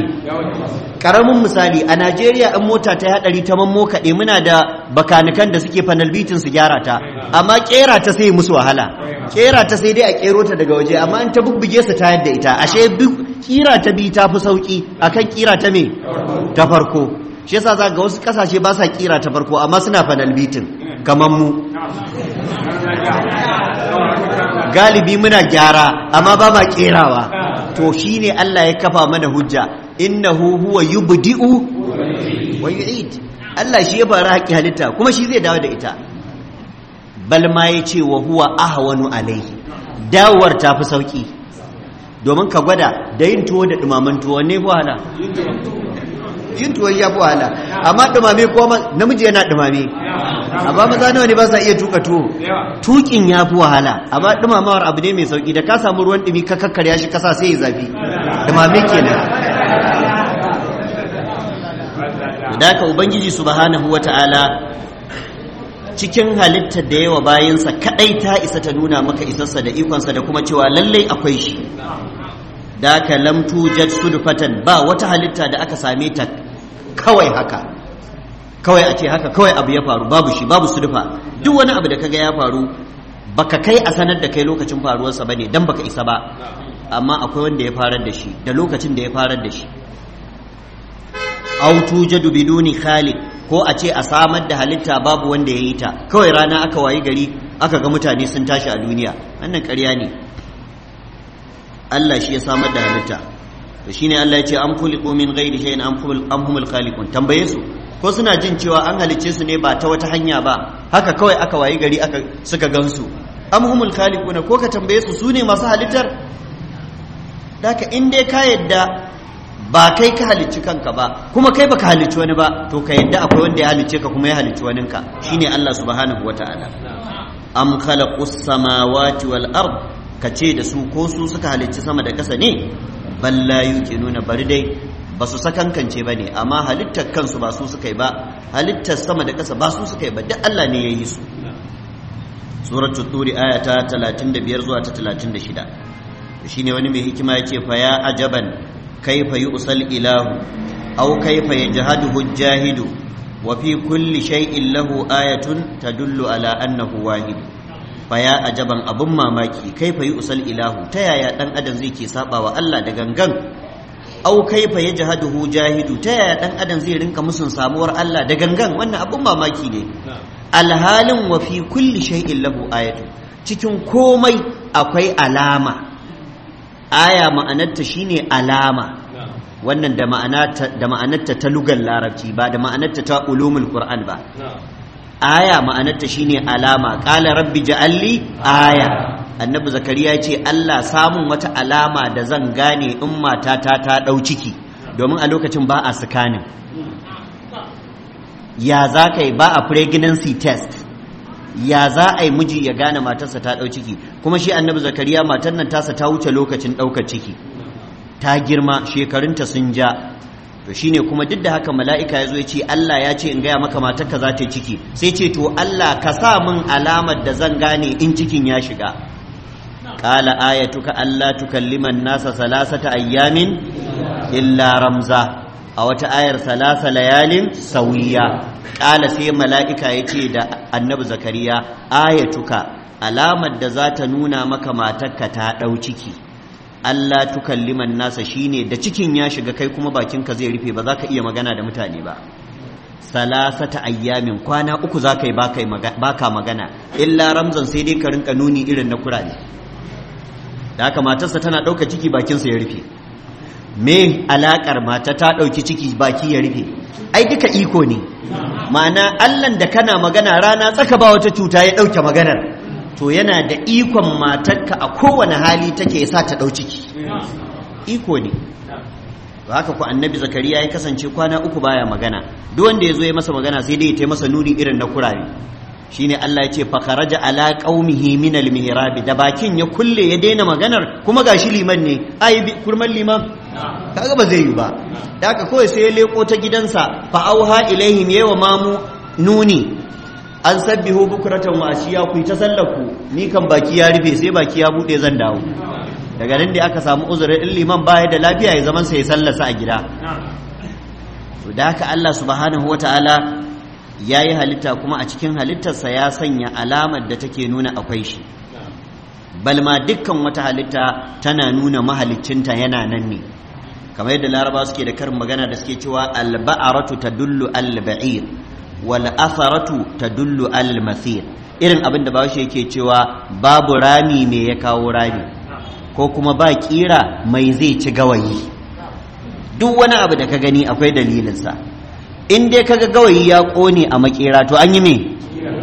karamin misali a Najeriya in mota ta hadari ta mammo kaɗe muna da bakanikan da suke panel bitin su gyara ta amma kera ta sai musu wahala kera ta sai dai a kero ta daga waje amma in ta bubbuge su ta yadda ita ashe kira ta bi ta fi sauki akan kira ta me ta farko shi yasa za ga wasu kasashe ba sa kira ta farko amma suna panel bitin kamar mu galibi muna gyara amma ba ba kerawa to shi ne Allah ya kafa mana hujja innahu huwa yubdi'u wa yu'id Allah shi ya fara haƙi halitta kuma shi zai dawo da ita Balma ya ce wa huwa ahwanu alaihi dawowar ta fi sauki domin ka gwada da yin tuwo da dumaman tuwo ne hala? yin tuwon ya fi wahala amma dumami ko namiji yana dumami amma maza nawa ne ba sa iya tuka tuwo tukin ya fi wahala amma dumamawar abu ne mai sauki da ka samu ruwan dumi ka kakkarya shi kasa sai ya zafi dumame kenan Daka Ubangiji subhanahu wa ta'ala cikin halitta da yawa bayansa kaɗai ta isa ta nuna maka isarsa da ikonsa da kuma cewa lallai akwai shi da aka lamtu jad fatan ba wata halitta da aka same ta kawai haka kawai a ce haka kawai abu ya faru babu shi babu sudufa duk wani abu da kaga ya faru baka kai a sanar da kai lokacin faruwarsa bane dan baka isa ba amma akwai wanda ya farar da shi da lokacin da ya farar da shi Autu jadu biduni Khali. ko a ce a samar da halitta babu wanda ya yi ta kawai rana aka wayi gari aka ga mutane sun tashi a duniya wannan ƙarya ne Allah shi ya samar da halitta to shine Allah ya ce am khuliqu min ghairi shay'in am am humul khaliqun tambaye su ko suna jin cewa an halicce su ne ba ta wata hanya ba haka kawai aka wayi gari aka suka gansu am humul khaliquna ko ka tambaye su su ne masu halittar daka in dai ka yadda ba kai ka halicci kanka ba kuma kai baka halicci wani ba to ka yadda akwai wanda ya halicce ka kuma ya halicci waninka shine Allah subhanahu wata'ala am khalaqus samawati wal ard kace da su ko su suka halicci sama da kasa ne bal la yuqinuna bari dai ba su sakankance ba ne amma halittar kansu ba su suka yi ba halittar sama da ƙasa ba su suka yi ba duk Allah ne ya yi su suratul turi aya ta 35 zuwa ta 36 shine wani mai hikima yace fa ya ajaban kaifa yusal ilahu aw kaifa yajhadu hujjahidu wa fi kulli shay'in lahu ayatun tadullu ala annahu wahid faya ajaban abun mamaki kaifa usal ilahu ta yaya ɗan adam zai ke wa Allah da gangan au kaifa yajhaduhu jahidu ta yaya ɗan adam zai rinka musun samuwar Allah da gangan wannan abun mamaki ne alhalin wa fi kulli shay'in lahu ayatu cikin komai akwai alama aya ma'anarta shine alama wannan da ma'anarta da ma'anarta ta larabci ba da ma'anarta ta ulumul qur'an ba aya ma'anarta shine alama qala rabbi ja'alli aya annabi zakariya ya ce Allah samun wata alama da zan gane in matata ta dau ciki domin a lokacin ba a sikanin ya za kai ba a pregnancy test ya za a yi miji ya gane matarsa ta dau ciki kuma shi annabi zakariya matar nan tasa ta wuce lokacin ɗaukar ciki ta girma shekarunta sun ja to shine kuma duk da haka mala'ika ya zo ya ce Allah ya ce in gaya maka matarka za ta ciki sai ce to Allah ka sa min alamar da zan gane in cikin ya shiga qala ayatuka tuka liman nasa salasata ayyamin illa ramza a wata ayar salasa layalin sauyiya qala sai mala'ika ya ce da annabi zakariya ayatuka alamar da za ta nuna maka matarka ta ɗau ciki Allah tukalliman nasa shine da cikin ya shiga kai kuma bakinka zai rufe ba za ka iya magana da mutane ba salasata ayyamin kwana uku za ka yi baka magana illa ramzan sai dai ka rinka nuni irin na kurane da haka matarsa tana ɗauka ciki bakinsa ya rufe me alakar mata ta ɗauki ciki baki ya rufe ai duka iko ne ma'ana Allah da kana magana rana tsaka ba wata cuta ya ɗauke maganar to yana da ikon matarka a kowane hali take sa ta ɗau ciki iko ne to haka ku annabi Zakari ya kasance kwana uku baya magana duk wanda ya zo ya masa magana sai dai ya masa nuni irin na kurare shine Allah ya ce fa kharaja ala qaumihi min al mihrab da bakin ya kulle ya daina maganar kuma gashi liman ne ai kurman liman kaga ba zai yi ba da haka kawai sai ya leko ta gidansa fa auha ilaihim yawa mamu nuni an sabbihu bukuratan wa ashiya ku ta sallaku ni kan baki ya rufe sai baki ya bude zan dawo daga nan da aka samu uzurin din liman baya da lafiya ya zaman sai ya sallasa a gida to da haka Allah subhanahu wataala yayi halitta kuma a cikin halittarsa ya sanya alamar da take nuna akwai shi balma dukkan wata halitta tana nuna mahaliccinta yana nan ne kamar yadda laraba suke da karin magana da suke cewa Al-Ba'aratu alba'aratu tadullu al-ba'ir wal ta tadullu alal masir irin abin da shi yake cewa babu rami me ya kawo rami ko kuma ba kira mai zai ci gawayi duk wani abu da ka gani akwai dalilinsa in dai kaga gawayi ya kone a makera to an yi me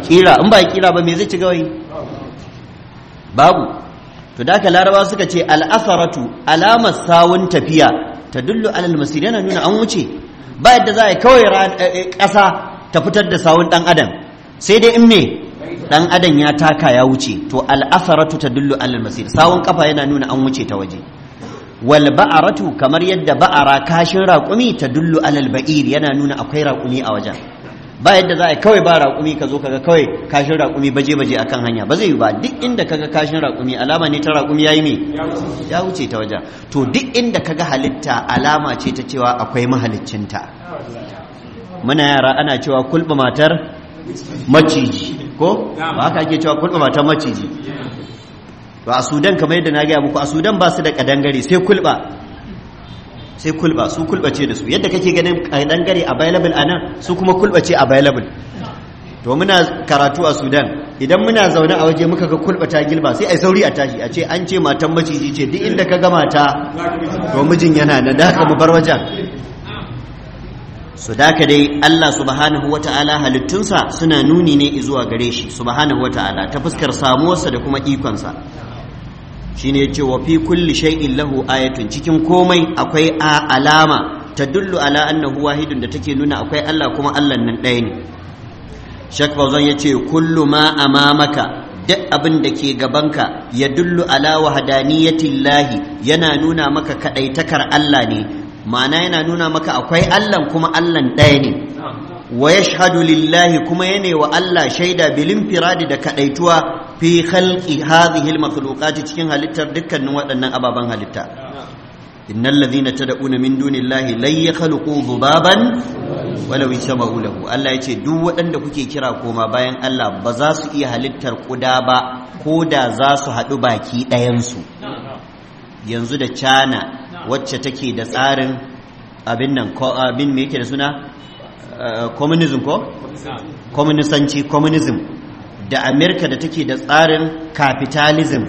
kira in ba kira ba me zai ci gawayi babu to da larabawa suka ce al'asaratu alamar sawun tafiya ta dullu alal masir yana nuna an wuce ba yadda za a kawai eh, eh, ƙasa ta fitar da sawun dan adam sai dai in me dan adam ya taka ya wuce to al'asaratu tadullu alal masir sawun kafa yana nuna an wuce ta waje wal ba'aratu kamar yadda ba'ara kashin raƙumi tadullu alal ba'ir yana nuna akwai raƙumi a wajen ba yadda za a kawai ba raƙumi ka zo kaga kawai kashin raƙumi baje baje akan hanya ba zai yi ba duk inda kaga kashin raƙumi alama ne ta raƙumi yayi me ya wuce ta waje to duk inda kaga halitta alama ce ta cewa akwai mahaliccinta muna yara ana cewa kulɓa matar maciji ko ba haka ake cewa kulɓa matar maciji to a sudan kamar yadda na gaya muku a sudan ba su da kadangare sai kulɓa sai kulɓa su kulɓa ce da su yadda kake ganin kadangare available a nan su kuma kulɓa ce available to muna karatu a sudan idan muna zaune a waje muka ga kulɓa ta gilba sai a sauri a tashi a ce an ce matan maciji ce duk inda ka gama ta to mijin yana nan da haka mu bar wajen su daka dai Allah subhanahu ta'ala halittunsa suna nuni ne zuwa gare shi subhanahu ta'ala ta fuskar samuwarsa da kuma ikonsa ne ce wa fi kulli shay'in lahu ayatun cikin komai akwai a alama dullu ala annahu wahidun da take nuna akwai Allah kuma Allah nan ɗaya ne Sheikh ya ce, kullu ma amamaka duk abin da ke gabanka ya dullu ala wahdaniyatillahi yana nuna maka kadaitakar Allah ne ma'ana yana nuna maka akwai allan kuma allan ɗaya ne wa yashhadu lillahi kuma yana wa allah shaida bilin firadi da kadaituwa fi khalqi hadhihi al cikin halittar dukkanin waɗannan ababen halitta innal ladhina tad'una min dunillahi lan yakhluqu dhubaban walau yasma'u lahu Allah yace duk waɗanda kuke kira koma bayan Allah ba za su iya halittar kuda ba ko da za su haɗu baki ɗayansu yanzu da cana wacce take da tsarin abin nan ko abin me yake da suna eh, communism ko communistanci communism da america da take da tsarin capitalism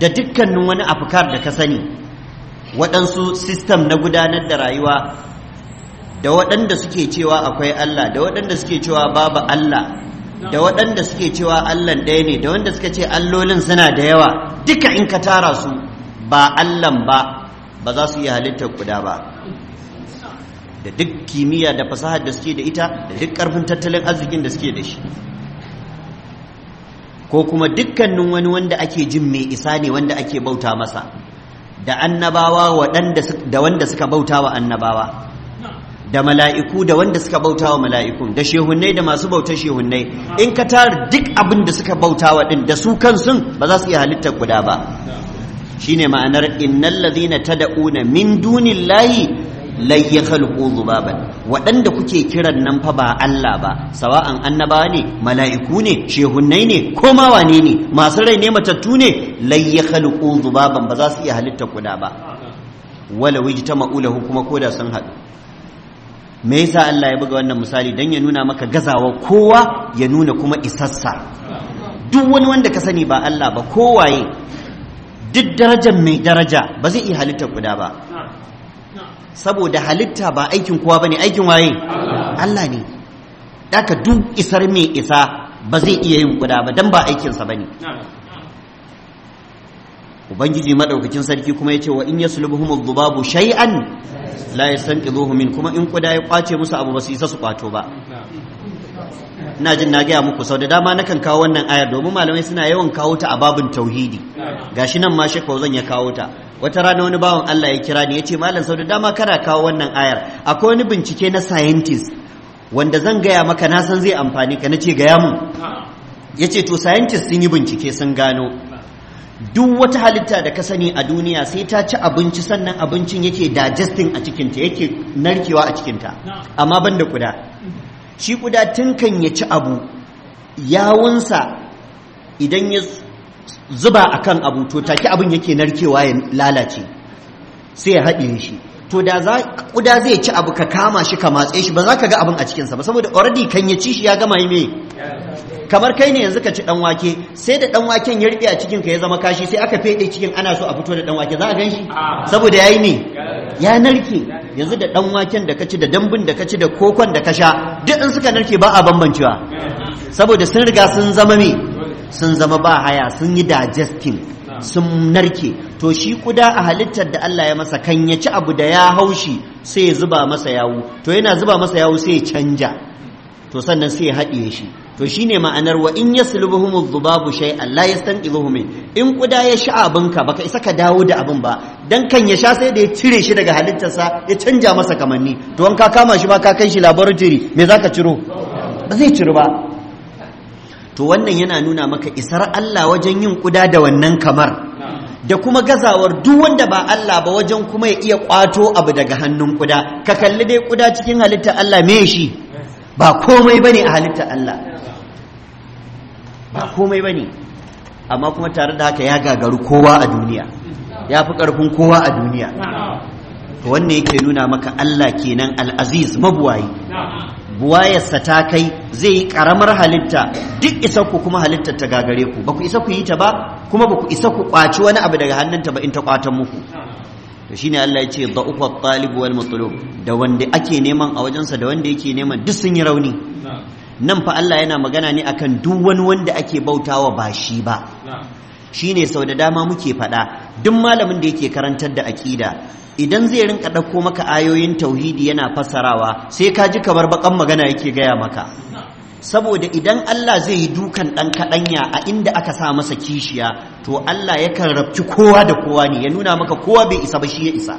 da dukkanin wani afkar da ka sani waɗansu system na gudanar da rayuwa da waɗanda suke cewa akwai Allah da waɗanda suke cewa babu Allah da waɗanda suke cewa Allah ɗaya ne da wanda suka ce allolin suna da yawa duka in ka tara su ba Allah ba ba za su iya halittar kuda ba da duk kimiyya da fasahar da suke da ita da duk karfin tattalin arzikin da suke da shi ko kuma dukkanin wani wanda ake jin mai isa ne wanda ake bauta masa da annabawa da wanda suka bauta wa annabawa da mala'iku da wanda suka bauta wa mala'iku. da shehunnai da masu bautar shehunnai in ka tara duk abin da suka bauta wa ɗin da su kansun ba za su iya halittar guda ba shine ma'anar innal ta tad'una min dunillahi lan yakhluqu dhubaban waɗanda kuke kiran nan fa ba Allah ba sawa'an annabawa ne mala'iku ne shehunnai ne ko wane ne masu rai ne matattu ne lan yakhluqu dhubaban ba za su iya halitta kuda ba wala wijtama ma'ulahu kuma da sun haɗu me yasa Allah ya buga wannan misali dan ya nuna maka gazawa kowa ya nuna kuma isassa duk wani wanda ka sani ba Allah ba kowaye duk darajar mai daraja ba zai iya halittar guda ba saboda halitta ba aikin kowa bane aikin waye Allah ne daka duk isar mai isa ba zai iya yin guda ba don ba aikinsa ba ne. ubangiji maɗaukacin sarki kuma ya ce wa in ya yaslubuhum dhubabu shay'an la yastanqidhuhu min kuma in kuda ya kwace musu abu ba su isa su kwato ba ina jin na gaya muku sau da dama nakan kawo wannan ayar domin malamai suna yawan kawo ta a babin tauhidi shi nan ma shekau zan ya kawo ta wata rana wani bawan Allah ya kira ni ya ce malam sau da dama kana kawo wannan ayar akwai wani bincike na scientist wanda zan gaya maka na san zai amfani ka na ce gaya mu ya ce to scientist sun yi bincike sun gano duk wata halitta da ka sani a duniya sai ta ci abinci sannan abincin yake digesting a cikinta yake narkewa a cikinta amma ban da kuda shi kuda kan ya ci abu yawunsa idan ya zuba a kan abu to take abin yake narkewa ya lalace sai ya haɗe shi to da za kuda zai ci abu ka kama shi ka matse shi ba za ka ga abin a cikinsa ba saboda already kan ya ci shi ya gama yi me kamar kai ne yanzu ka ci dan wake sai da dan waken ya rike a cikin ka ya zama kashi sai aka fede cikin ana so a fito da dan wake za a gan shi saboda yayi me ya narke yanzu da dan waken da ka ci da dambun da ka ci da kokon da ka sha duk in suka narke ba a bambancewa saboda sun riga sun zama me sun zama ba haya sun yi digesting sun narke to shi kuda a halittar da Allah ya masa kan ya ci abu da ya haushi sai ya zuba masa yawu to yana zuba masa yawu sai ya canja to sannan sai ya haɗiye shi to shi ne ma'anar wa in yaslubuhum dhubabu shay'an la yastanqidhuhum in kuda ya sha abinka baka isa ka dawo da abin ba dan kan ya sha sai da ya cire shi daga halittarsa ya canja masa kamanni to an ka kama shi ba ka kai shi laboratory me zaka ciro ba zai ciro ba to wannan yana nuna maka isar Allah wajen yin kuda da wannan kamar da kuma gazawar duk wanda ba Allah ba wajen kuma ya iya kwato abu daga hannun kuda ka kalli dai kuda cikin halitta Allah me shi ba komai bane a halitta Allah ba komai bane amma kuma tare da haka ya gagaru kowa a duniya ya fi ƙarfin kowa a duniya to wannan yake nuna maka Allah kenan al-aziz mabuwayi buwayarsa ta kai zai yi ƙaramar halitta duk isa ku kuma halittar ta gagare ku ba ku isa ku yi ta ba kuma ba ku isa ku kwaci wani abu daga hannunta ba in ta kwatan muku to shine Allah ya ce da'ufa talib wal matlub da wanda ake neman a wajensa da wanda yake neman duk sun yi rauni nan fa Allah yana magana ne akan duk wani wanda ake bautawa ba shi ba shine sau da dama muke faɗa duk malamin da yake karantar da aƙida idan zai rinka ɗauko maka ayoyin tauhidi yana fassarawa sai ka ji kamar baƙan magana yake gaya maka saboda idan Allah zai yi dukan ɗan kaɗanya a inda aka sa masa kishiya to Allah yakan rabci kowa da kowa ne ya nuna maka kowa bai isa ba shi ya isa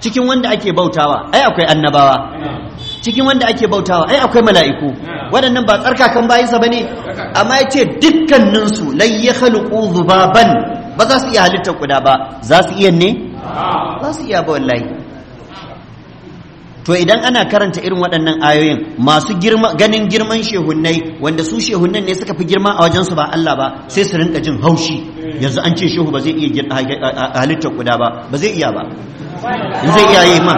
cikin wanda ake bautawa ai akwai annabawa cikin wanda ake bautawa ai akwai mala'iku waɗannan ba tsarkakan bayansa ba ne amma yace ce dukkaninsu lai ya zubaban ba za su iya halittar kuda ba za su iya ne za su iya ba wallahi to idan ana karanta irin waɗannan ayoyin masu girma ganin girman shehunnai wanda su shehunnan ne suka fi girma a wajensu ba Allah ba sai su rinka jin haushi yanzu an ce shehu ba zai iya halittar kuda ba ba zai iya ba zai iya yi ma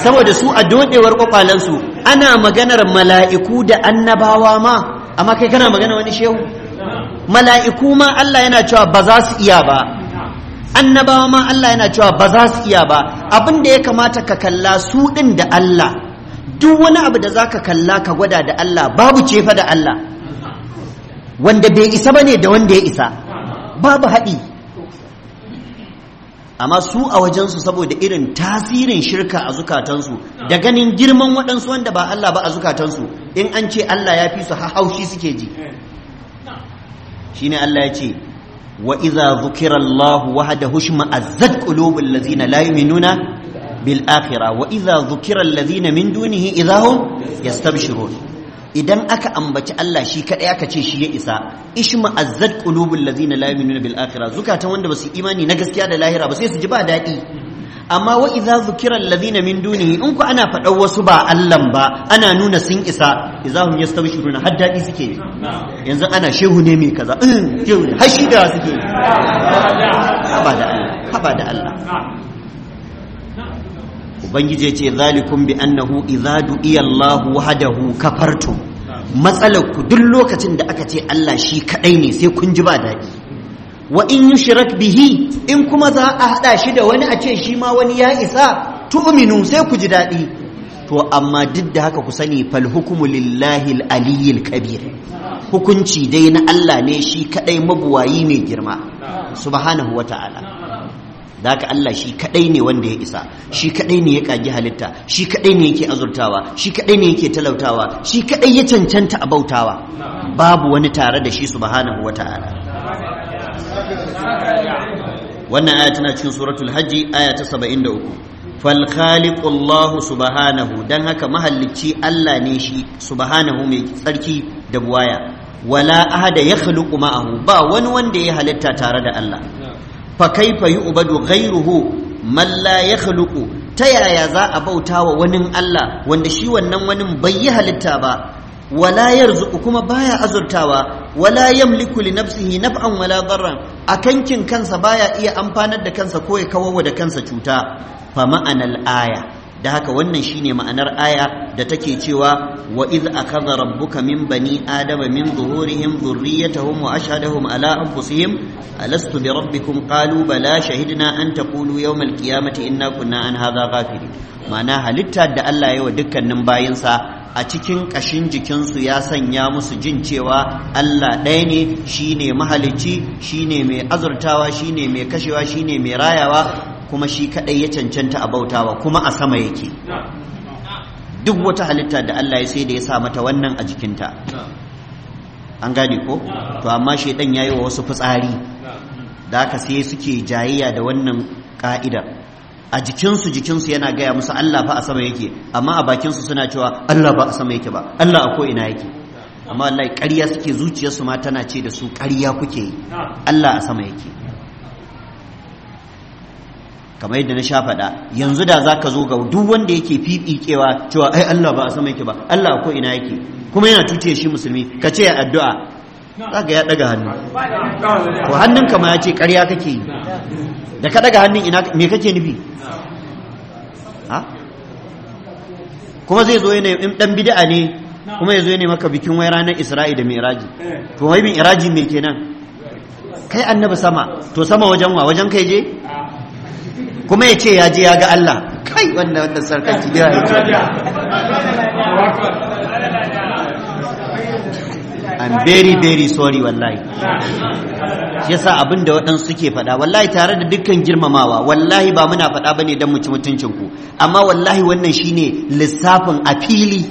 saboda su a dodewar kwakwalensu ana maganar mala'iku da annabawa ma amma kai kana magana wani shehu mala'iku ma Allah yana cewa ba za su iya ba annabawa ma Allah yana cewa ba za su iya ba abin da ya kamata ka kalla su ɗin da Allah duk wani abu da za ka kalla ka gwada da Allah babu cefa da Allah wanda bai isa ba ne da wanda ya isa babu haɗi amma su a wajensu saboda irin tasirin shirka a zukatansu da ganin girman waɗansu wanda ba Allah ba a zukatansu in an ce Allah ya fi su haushi suke ji shi ne Allah ya ce wa idza dhukira Allah wahdahu shma'azzat qulubul ladzina la yu'minuna bil akhirah wa idza dhukira alladhina min dunihi idahum yastabshirun idan aka ambaci Allah shi kadai aka ce shi ya isa ishma azzat qulubul ladzina la yu'minuna bil akhirah zukatan wanda basu imani na gaskiya da lahira ba sai su ji ba daɗi. amma wa idza zukira alladhina min dunihi in ku ana faɗar wasu ba Allah ba ana nuna sun isa idza hum yastabshiruna har dadi suke yanzu ana shehu ne mai kaza in shehu hashida suke haba da Allah haba da Allah ubangiji ya ce zalikum bi annahu idza du'iya Allah wahdahu kafartum matsalar ku duk lokacin da aka ce Allah shi kadai ne sai kun ji ba daɗi wa in shirak bihi in kuma za a haɗa shi da wani a ce shi ma wani ya isa tu'minu sai ku ji daɗi to amma duk da haka ku sani fal hukumu lillahi aliyyil kabir hukunci dai na Allah ne shi kadai mabuwayi ne girma subhanahu wata'ala da haka Allah shi kadai ne wanda ya isa shi kadai ne ya kagi halitta shi kadai ne yake azurtawa shi kadai ne yake talautawa shi kadai ya cancanta a bautawa babu wani tare da shi subhanahu wata'ala wannan aya tana cikin suratul hajji aya ta 73 fal khaliqullahu subhanahu dan haka mahallici Allah ne shi subhanahu mai tsarki da buwaya wala ahada yakhluqu ma'ahu ba wani wanda ya halitta tare da Allah fa kaifa yu'badu ghayruhu man la yakhluqu ta yaya za a bauta wa wani Allah wanda shi wannan wani bai yi halitta ba wala yarzuqu kuma baya azurtawa wala yamliku li nafsihi naf'an wala darran a kankin kansa baya iya amfanar da kansa ko ya kawo da kansa cuta fa ma'anal aya da haka wannan shine ma'anar aya da take cewa wa iz akhadha rabbuka min bani adama min zuhurihim dhurriyyatahum wa ashhadahum ala anfusihim alastu bi rabbikum qalu bala shahidna an taqulu yawm al-qiyamati inna kunna an hadha ghafilin ma'ana halitta da Allah wa dukkanin bayinsa a cikin ƙashin jikinsu ya sanya musu jin cewa Allah ɗaya ne shi ne mahalicci shi ne mai azurtawa shi ne mai kashewa shi ne mai rayawa kuma shi kaɗai ya cancanta a bautawa kuma a sama yake duk wata halitta da Allah ya sai da ya sa mata wannan a jikinta an gane ko to amma shaidan ya yi wa wasu fitsari da aka sai suke jayayya da wannan ka'idar a jikinsu jikinsu yana gaya musu Allah fa a sama yake amma a bakinsu suna cewa Allah ba a sama yake ba Allah a ko ina yake amma wallahi ƙarya suke zuciyarsu ma tana ce da su ƙarya kuke yi Allah a sama yake kamar yadda na sha faɗa yanzu da za ka zo ga duk wanda yake fiɓiƙewa cewa ai Allah ba a sama yake ba Allah a ko ina yake kuma yana tuce shi musulmi ka ce addu'a za ga ya daga hannu to hannunka ma ya ce ƙarya kake yi da ka daga hannun ina me kake nufi kuma zai zo ne in dan bid'a ne kuma ya zo ne maka bikin wai ranar isra'i da miraji to wai bin iraji me kenan kai annabi sama to sama wajen wa wajen kai je kuma ya ce ya je ya ga Allah kai wanda wanda sarkaci da ya ce am very very sorry wallahi shi yasa abin da waɗansu suke faɗa wallahi tare da dukkan girmamawa wallahi ba muna faɗa bane dan mu ci mutuncin ku amma wallahi wannan shine lissafin a fili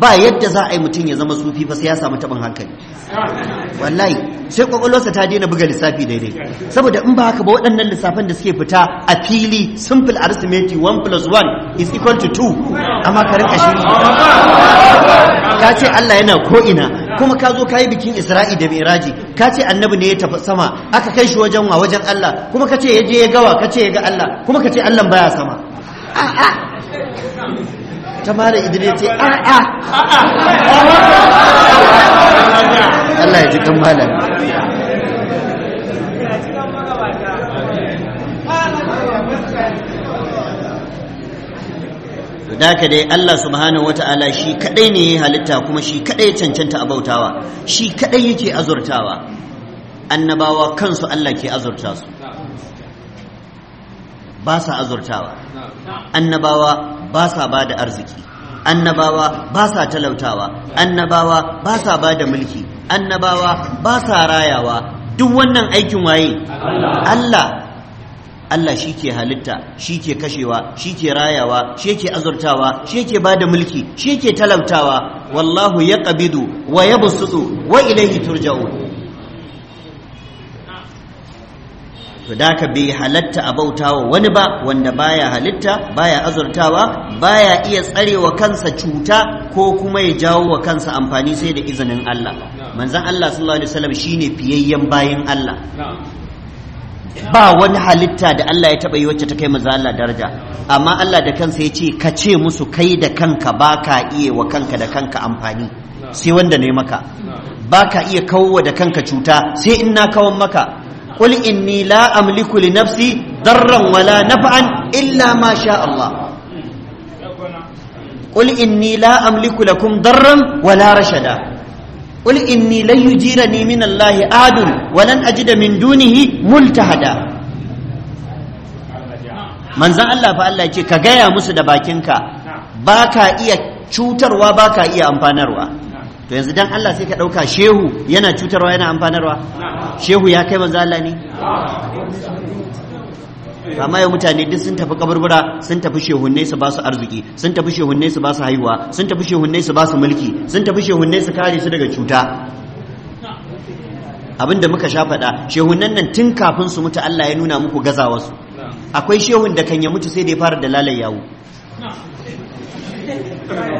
ba yadda za a yi mutum ya zama sufi ba sai ya samu taɓin hankali wallahi sai kwakwalwarsa ta daina buga lissafi daidai saboda in ba haka ba waɗannan lissafan da suke fita a fili simple arithmetic 1 plus 1 is equal to 2 amma ka rinka shi ka ce Allah yana ko'ina kuma ka zo ka yi bikin isra'i da miraji ka ce annabi ne ya tafi sama aka kai shi wajen wa wajen Allah kuma ka ce ya je ya gawa ka ce ya ga Allah kuma ka ce Allah baya sama ta mara idris ce a'a. Allah ya ji kan malam da ka dai Allah subhanahu wata'ala shi kadai ne ya halitta kuma shi kadai cancanta abautawa shi kadai yake azurtawa annabawa kansu Allah ke azurta su ba sa azurtawa annabawa ba sa ba da arziki annabawa ba sa talautawa annabawa ba sa ba da mulki annabawa ba sa rayawa duk wannan aikin waye Allah Allah shi ke halitta shi ke kashewa shi ke rayawa shi ke azurtawa shi ke ba da mulki shi ke talautawa wallahu ya ƙabidu wa ya busutu wa ilaihi turja'un to da ka bai halatta a bautawa wani ba wanda baya halitta baya azurtawa baya iya tsarewa kansa cuta ko kuma ya jawo wa kansa amfani sai da izinin Allah manzon Allah sallallahu alaihi wasallam shine fiyayyen bayin Allah ba wani halitta da Allah ya taba yi wacce ta kai Allah daraja amma Allah da kansa ya ce ka ce musu kai da kanka baka ka iya wa kanka da kanka amfani sai wanda ne maka baka iya kawo da kanka cuta sai in na kawon maka qul inni la amliku li nafsi darran wala naf'an illa ma sha Allah qul inni la amliku lakum darran wala rashada قل إني لن يجيرني من الله أحد ولن أجد من دونه ملتهدا manzan Allah fa Allah ce ka gaya musu da bakinka ba ka iya cutarwa ba ka iya amfanarwa to yanzu dan Allah sai ka ɗauka shehu yana cutarwa yana amfanarwa shehu ya kai manzo Allah ne amma yau mutane duk sun tafi kaburbura sun tafi shehunne su ba su arziki sun tafi shehunne su ba su haihuwa sun tafi shehunne su ba su mulki sun tafi shehunne su kare su daga cuta abinda muka sha faɗa shehunan nan tun kafin su mutu Allah ya nuna muku gazawarsu akwai shehun da kan ya mutu sai da ya fara da lalayawu yawo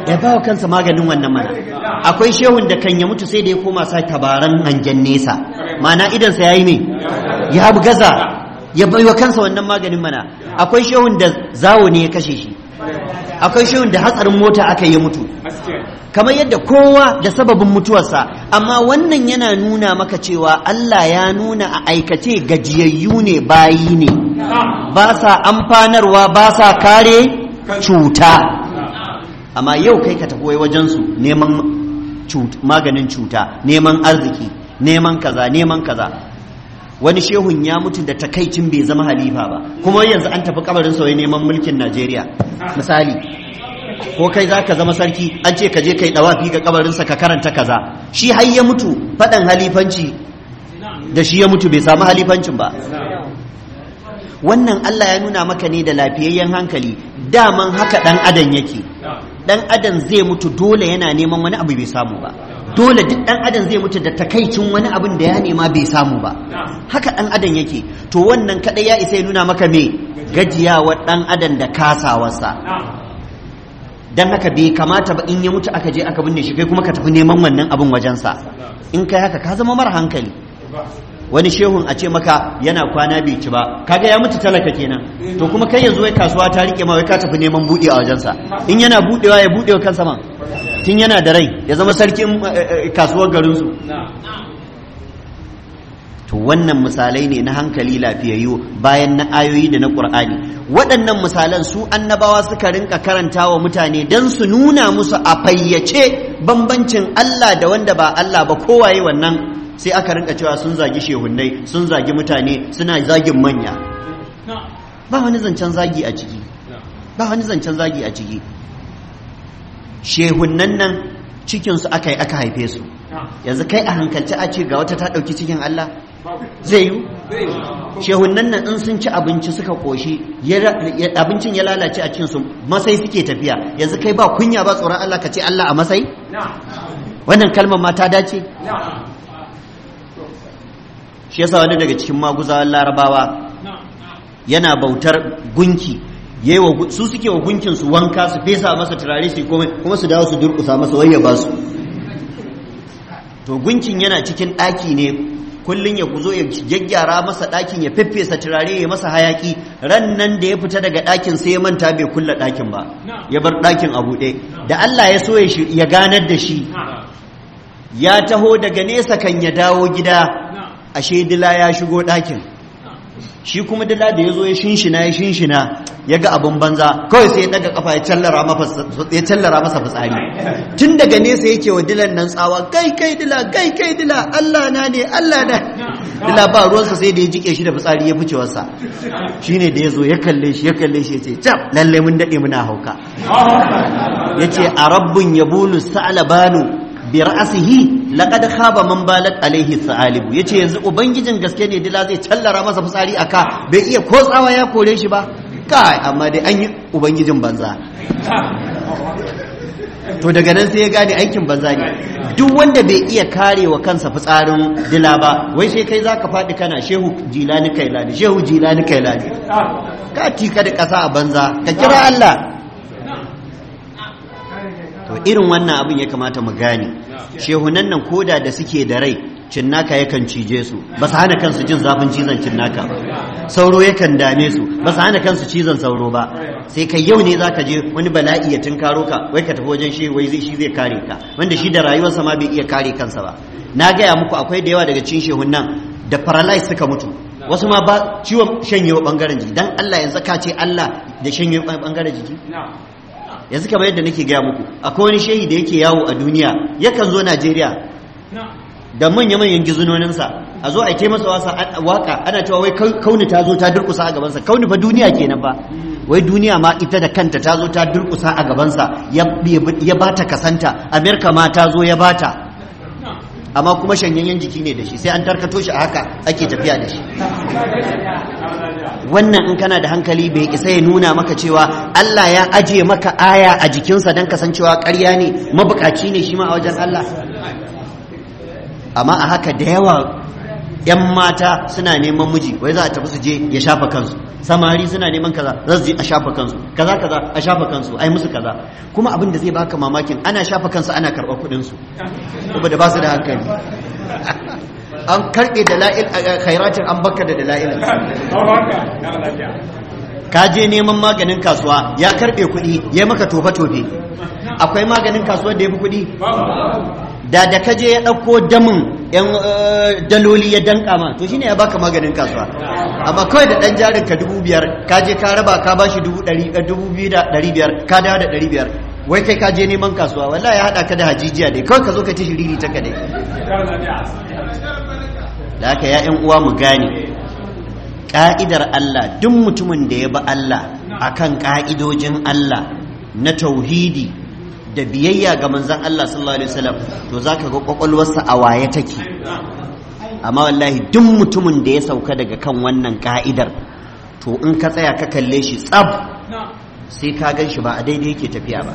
ya ba wa kansa maganin wannan mana akwai shehun da kan ya mutu sai da ya koma sa tabaran hangen nesa mana idansa ya yi ne ya gaza ya bai wa kansa wannan maganin mana akwai shehun da zawo ne ya kashe shi akwai shehun da hatsarin mota aka yi mutu kamar yadda kowa da sababin mutuwarsa amma wannan yana nuna maka cewa Allah ya nuna a aikace gajiyayyu ne bayi ne ba sa amfanarwa ba sa kare cuta amma yau kai ka tafi wajen su neman maganin cuta neman arziki neman kaza neman kaza wani shehun ya mutu da takaicin bai zama halifa ba kuma yanzu an tafi kabarin sauye neman mulkin najeriya misali ko kai za ka zama sarki an ce ka je kai dawafi ga kabarinsa ka karanta kaza shi har ya mutu faɗan halifanci da shi ya mutu bai samu halifancin ba wannan allah ya nuna maka ne da lafiyayyen hankali daman haka ɗan adam yake dan adam zai mutu dole yana neman wani abu bai samu ba dole duk dan adam zai mutu da takaicin wani abin da ya nema bai samu ba haka dan adam yake to wannan kadai ya isa ya nuna maka me wa dan adam da kasawarsa dan haka bai kamata ba in ya mutu aka je aka binne shi kai kuma ka tafi neman wannan abin wajensa in kai haka ka zama mara hankali wani shehun a ce maka yana kwana bai ci ba kaga ya mutu talaka kenan to kuma kai yanzu wai kasuwa ta rike ma wai ka tafi neman buɗe a wajensa in yana budewa ya buɗewa kansa ma tun yana da rai ya zama sarkin eh, eh, kasuwar garin su to wannan misalai ne na hankali lafiyayyu bayan na ayoyi da na qur'ani waɗannan misalan su annabawa suka rinka wa mutane dan su nuna musu a fayyace bambancin Allah da wanda ba Allah ba kowaye wannan sai aka rinka cewa sun zagi shehunnai sun zagi mutane suna zagin manya ba wani zancen zagi a ciki ba wani zancen zagi a ciki shehunnan nan cikinsu aka yi aka haife su yanzu kai a hankalci a ce ga wata ta ɗauki cikin Allah zai yi shehunnan nan in sun ci abinci suka ƙoshi abincin ya lalace a cikinsu masai suke tafiya yanzu kai ba kunya ba tsoron Allah ka ce Allah a masai wannan kalmar ma ta dace shi yasa wani daga cikin maguzawan larabawa yana bautar gunki su suke wa gunkin su wanka su fesa masa turare su komai kuma su dawo su durkusa masa wayya ba su to gunkin yana cikin ɗaki ne kullum ya kuzo ya gyaggyara masa ɗakin ya feffesa turare ya masa hayaki ran nan da ya fita daga dakin sai ya manta bai kulla dakin ba ya bar ɗakin a buɗe da Allah ya so ya ganar da shi ya taho daga nesa kan ya dawo gida ashe dila ya shigo ɗakin shi kuma dila da ya zo ya shinshina ya shinshina ya ga abin banza kawai sai ya daga kafa ya tallara masa fitsari tun daga nesa yake wa dilan nan tsawa kai kai dila kai kai dila allah na ne allah na dila ba ruwansa sai da ya jike shi da fitsari ya fice wasa Shi ne da ya zo ya kalle shi ya kalle shi ya ce cap lallai mun daɗe muna hauka ya ce a rabbin ya bulu sa'alabanu bi ra'asihi laqad khaba man balat alayhi sa'alibu yace yanzu ubangijin gaske ne dila zai tallara masa fitsari aka bai iya ko tsawa ya kore shi ba kai amma dai an yi ubangijin banza to daga nan sai ya gane aikin banza ne duk wanda bai iya karewa kansa fitsarin dila ba wai sai kai zaka faɗi kana shehu jilani kailani shehu jilani kailani ka tika da ƙasa a banza ka kira Allah to irin wannan abin ya kamata mu gane shehunan nan koda da suke da rai cinnaka yakan cije su ba su hana kansu jin zafin cizon cinnaka sauro yakan dame su ba su hana kansu cizon sauro ba sai kai yau ne za ka je wani bala'i ya karo ka wai ka tafi wajen shi wai shi zai kare ka wanda shi da rayuwarsa ma bai iya kare kansa ba na gaya muku akwai da yawa daga cin shehunan da paralyze suka mutu wasu ma ba ciwon shanyewa bangaren jiki dan Allah yanzu ka ce Allah da shanyewa bangaren jiki yanzu kamar yadda nake gaya muku akwai wani shehi da yake yawo a duniya yakan zo najeriya da manya-manyan gizunoninsa a zo a ke masa waka ana cewa wai kauni ta zo ta durkusa a gabansa kauni fa duniya kenan ba wai duniya ma ita da kanta ta zo ta durkusa a gabansa ya ba ta kasanta amerika ma ta zo ya ba ta amma kuma shanyayyen jiki ne da shi sai an tarkato shi a haka ake tafiya da shi wannan in kana da hankali bai isa ya nuna maka cewa Allah ya aje maka aya a jikinsa don kasancewa ƙarya ne mabukaci ne shi ma a wajen Allah amma a haka da yawa 'yan mata suna neman miji wai za a tafi su je ya shafa kansu samari suna neman kaza za su je a shafa kansu kaza kaza a shafa kansu ai musu kaza kuma abin da zai baka mamakin ana shafa kansu ana karɓar kuɗinsu da ba su da hankali an karɓe dala'il khairatin an baka da dala'il ka je neman maganin kasuwa ya karɓe kuɗi ya maka tofe-tofe akwai maganin kasuwa da ya fi kuɗi da da ka je ya ɗauko damin yan eh, daloli ya danka ma to shine ya baka maganin kasuwa amma kawai da ɗan jarin ka dubu biyar ka je ka raba ka bashi eh, dubu biyu da ɗari biyar ka dawo da ɗari biyar wai kai ka je neman kasuwa wallahi ya haɗa ka da hajijiya ne kawai ka zo ka ci shiriri ta ka dai da haka ya uwa mu gane ƙa'idar Allah duk mutumin da ya bi Allah a kan ƙa'idojin Allah na tauhidi da biyayya ga manzan Allah sallallahu alaihi wasallam to zaka ga ƙwaƙwalwarsa a waye take amma wallahi duk mutumin da ya sauka daga kan wannan ƙa'idar to in ka tsaya ka kalle shi tsab sai ka gan shi ba a daidai yake tafiya ba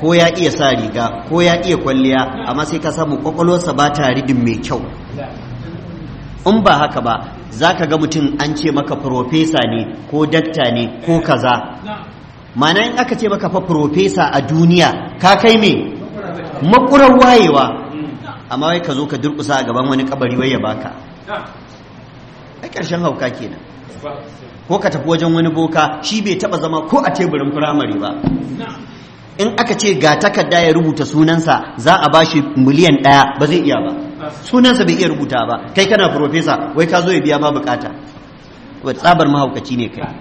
ko ya iya sa riga ko ya iya kwalliya amma sai ka samu kwakwalwarsa ba ta ridin mai kyau in ba haka ba za ka ga mutum an ce maka profesa ne ko dakta ne ko kaza mana in aka ce maka fa profesa a duniya ka kai me makurar wayewa amma wai ka zo ka durkusa a gaban wani kabari wai ya baka a karshen hauka kenan ko ka tafi wajen wani boka shi bai taba zama ko a teburin firamare ba in aka ce ga takarda ya rubuta sunansa za a bashi miliyan ɗaya ba zai iya ba sunansa bai iya rubuta ba kai kana profesa wai ka zo ya biya ba bukata tsabar mahaukaci ne kai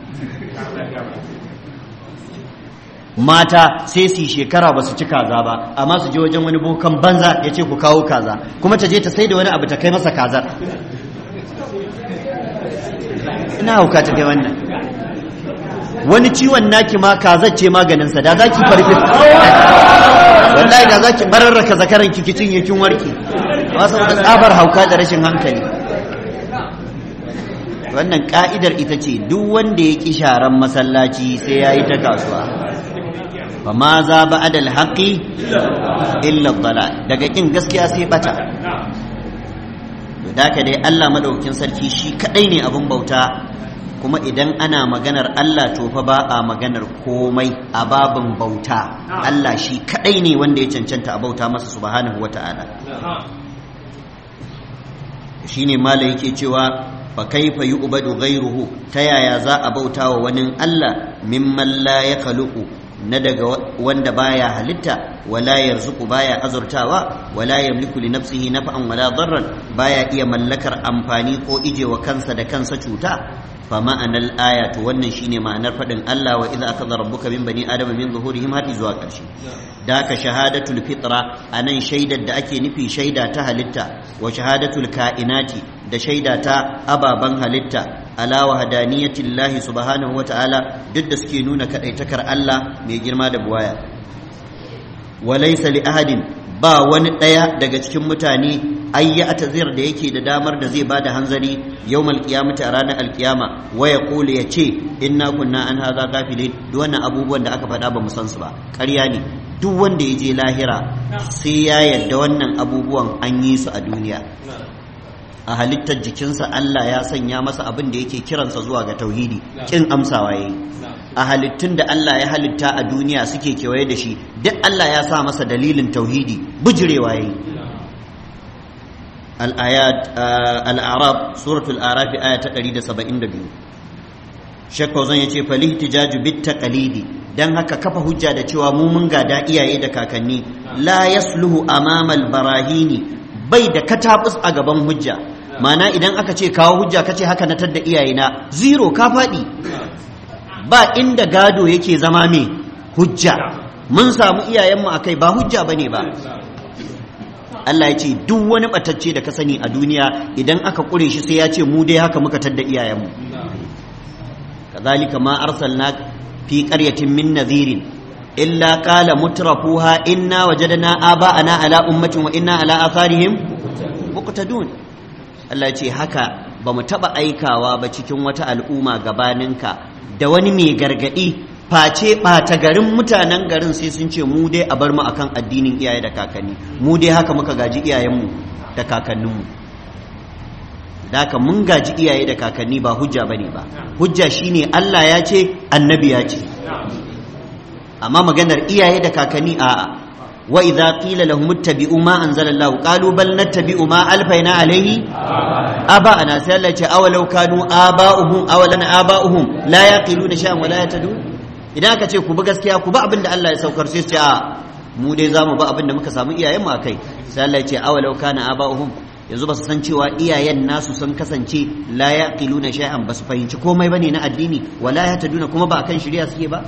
mata sai su shekara ba su ci kaza ba amma su je wajen wani bokan banza ya ce ku kawo kaza kuma ta je ta sai da wani abu ta kai masa kazar ina hauka ta kai wannan wani ciwon naki ma kazar ce maganin sa da zaki wallahi da zaki bararraka zakaran ki kicin yakin warki ba saboda tsabar hauka da rashin hankali wannan ka'idar ita ce duk wanda ya ki sharan masallaci sai yayi ta kasuwa ma za ba adal haƙi illa dala daga kin gaskiya sai bata da ka dai Allah madaukin sarki shi kadai ne abin bauta kuma idan ana maganar Allah to fa ba a maganar komai a babin bauta ah. Allah shi kadai ne wanda ya cancanta a bauta masa subhanahu wata'ala ah. ne mala yake cewa fa kaifa yu'badu ghayruhu ta yaya za a bauta wa wani Allah mimman la yakhluqu na daga wanda baya halitta wala yarzuqu baya azurtawa wala yamliku li nafsihi naf'an wala darran baya iya mallakar amfani ko ijewa kansa da kansa cuta fa ma'anar aya to wannan shine ma'anar faɗin Allah wa idza akhadha rabbuka min bani adama min zuhurihim har zuwa ƙarshe da ka shahadatul fitra a nan shaidar da ake nufi shaida ta halitta wa shahadatul kainati da shaida ta ababan halitta ala wahdaniyati Allah subhanahu wa ta'ala duk da suke nuna kaɗaitakar Allah mai girma da buwaya wa ahadin ba wani ɗaya daga cikin mutane ay ya atazir da yake da damar da zai bada hanzari yawmal qiyamati a ranar alkiyama wa yaqulu yace inna kunna an hadha ghafilin duk wannan abubuwan da aka faɗa ba mu san su ba ƙarya ne duk wanda ya je lahira sai ya yarda wannan abubuwan an yi su a duniya a halittar jikinsa Allah ya sanya masa abin da yake kiransa zuwa ga tauhidi kin amsawa yayi a halittun da Allah ya halitta a duniya suke kewaye da shi duk Allah ya sa masa dalilin tauhidi bujirewa yayi al'arab suratul arafi aya ta 172 shakka zan ya ce tijaju bit taqalidi Don haka kafa hujja da cewa mu mun gada iyaye da kakanni la yasluhu amamal barahini bai da katabus a gaban hujja mana idan aka ce kawo hujja kace haka na tadda iyayena zero ka faɗi ba inda gado yake zama mai hujja mun samu iyayenmu akai ba hujja bane ba Allah ya ce duk wani batacce da ka sani a duniya idan aka kure shi sai ya ce mu dai haka muka tadda iyayenmu kazalika ma arsalna fi qaryatin min nadhirin illa qala mutrafuha inna wajadna aba'ana ala ummatin wa inna ala atharihim muqtadun Allah ya ce haka ba mu taba aikawa ba cikin wata al'umma gabaninka da wani mai gargadi face ɓata garin mutanen garin sai sun ce mu dai a bar mu akan addinin iyaye da kakanni mu dai haka muka gaji iyayenmu da kakanninmu da haka mun gaji iyaye da kakanni ba hujja bane ba hujja shine Allah ya ce annabi ya ce amma maganar iyaye da kakanni a wa idza qila lahum ittabi'u ma anzala Allah qalu bal nattabi'u ma alfayna alayhi aba ana sai Allah ce awalau kanu aba'uhum awalan aba'uhum la yaqiluna shay'an wa la yatadun idan aka ce ku bi gaskiya ku bi abin da Allah ya saukar sai ce a mu dai zamu bi abin da muka samu iyayen mu akai sai Allah ya ce awalau kana aba'uhum yanzu ba su san cewa iyayen nasu sun kasance la yaqiluna shay'an ba su fahimci komai bane na addini wala yahtaduna kuma ba kan shari'a suke ba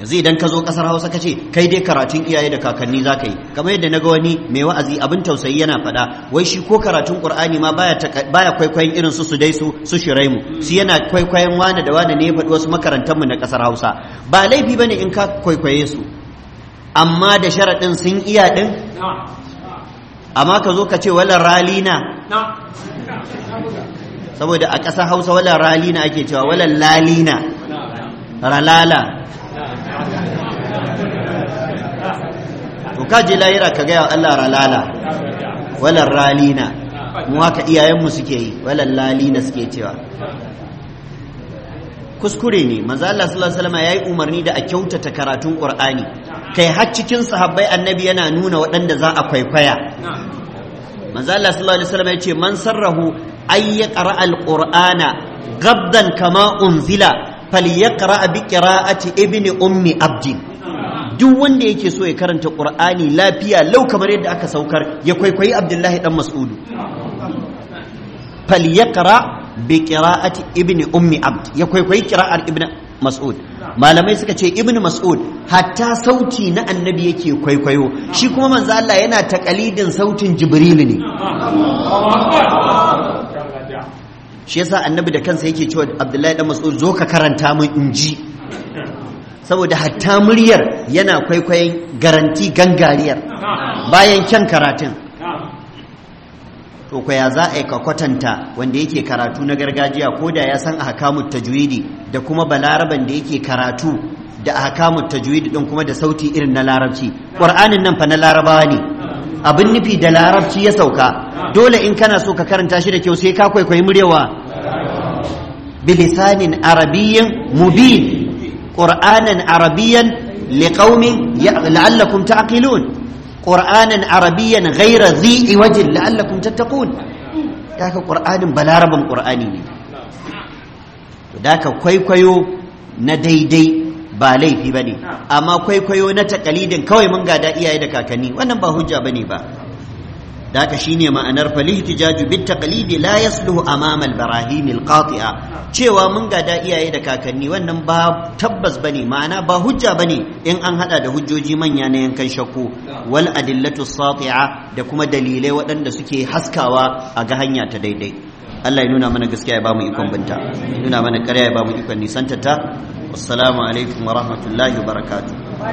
yanzu idan ka zo kasar hausa ka ce kai dai karatun iyaye da kakanni za ka yi kamar yadda na ga wani mai wa'azi abin tausayi yana faɗa wai shi ko karatun ƙur'ani ma baya kwaikwayon irin su su dai su su shirai mu su yana kwaikwayon wane da wane ne ya faɗi wasu mu na kasar hausa ba laifi bane in ka kwaikwaye su amma da sharaɗin sun iya ɗin amma ka zo ka ce wala na? saboda a ƙasar hausa wala na ake cewa wala lalina ralala ka je lahira ka gaya wa Allah ralala walar ralina mu haka iyayenmu suke yi walar lalina suke cewa kuskure ne Maza Allah sallallahu alaihi yayi umarni da a kyautata karatun Qur'ani kai har cikin sahabbai annabi yana nuna waɗanda za a kwaikwaya Maza Allah sallallahu alaihi wasallam yace man sarrahu ay yaqra al gabdan kama unzila falyaqra bi qira'ati ibni ummi abdin duk wanda yake so ya karanta qur'ani lafiya lau kamar yadda aka saukar ya kwaikwayi abdullahi dan mas'udu falyaqra bi qira'ati ibni ummi abd ya kwaikwayi qira'ar ibni mas'ud malamai suka ce ibn mas'ud hatta sauti na annabi yake kwaikwayo shi kuma manzo Allah yana taqalidin sautin jibril ne shi yasa annabi da kansa yake cewa abdullahi dan mas'ud zo ka karanta min inji. saboda hatta muryar yana kwaikwayon garanti gangariyar bayan kyan karatun to ya za a yi kwatanta wanda yake karatu na gargajiya ko da ya san ahkamut tajwidi da kuma balaraban da yake karatu da ahkamut tajwidi din kuma da sauti irin na larabci qur'anin nan fa na larabawa ne abin nufi da larabci ya sauka dole in kana so ka karanta shi da kyau sai ka kwaikwayi muryawa bilisanin arabiyyin mubin qur'anan arabiyan liqaumin la'allakum ta'qilun Ƙur'anin arabiyan ghayra dhi'i wajhin la'allakum tattaqun daka qur'anin balarabin qur'ani ne to daka kwaikwayo na daidai ba laifi bane amma kwaikwayo na takalidin kawai mun gada iyaye da kakanni wannan ba hujja bane ba da haka shine ma'anar falihtijaju bit taqlidi la yasluhu amama al barahim al cewa mun gada iyaye da kakanni wannan ba tabbas bane ma'ana ba hujja bane in an hada da hujjoji manya na yankan shakku wal adillatu sati'a da kuma dalilai waɗanda suke haskawa a ga hanya ta daidai Allah ya nuna mana gaskiya ya bamu ikon binta ya nuna mana ƙarya ya bamu ikon nisanta ta wassalamu wa rahmatullahi wa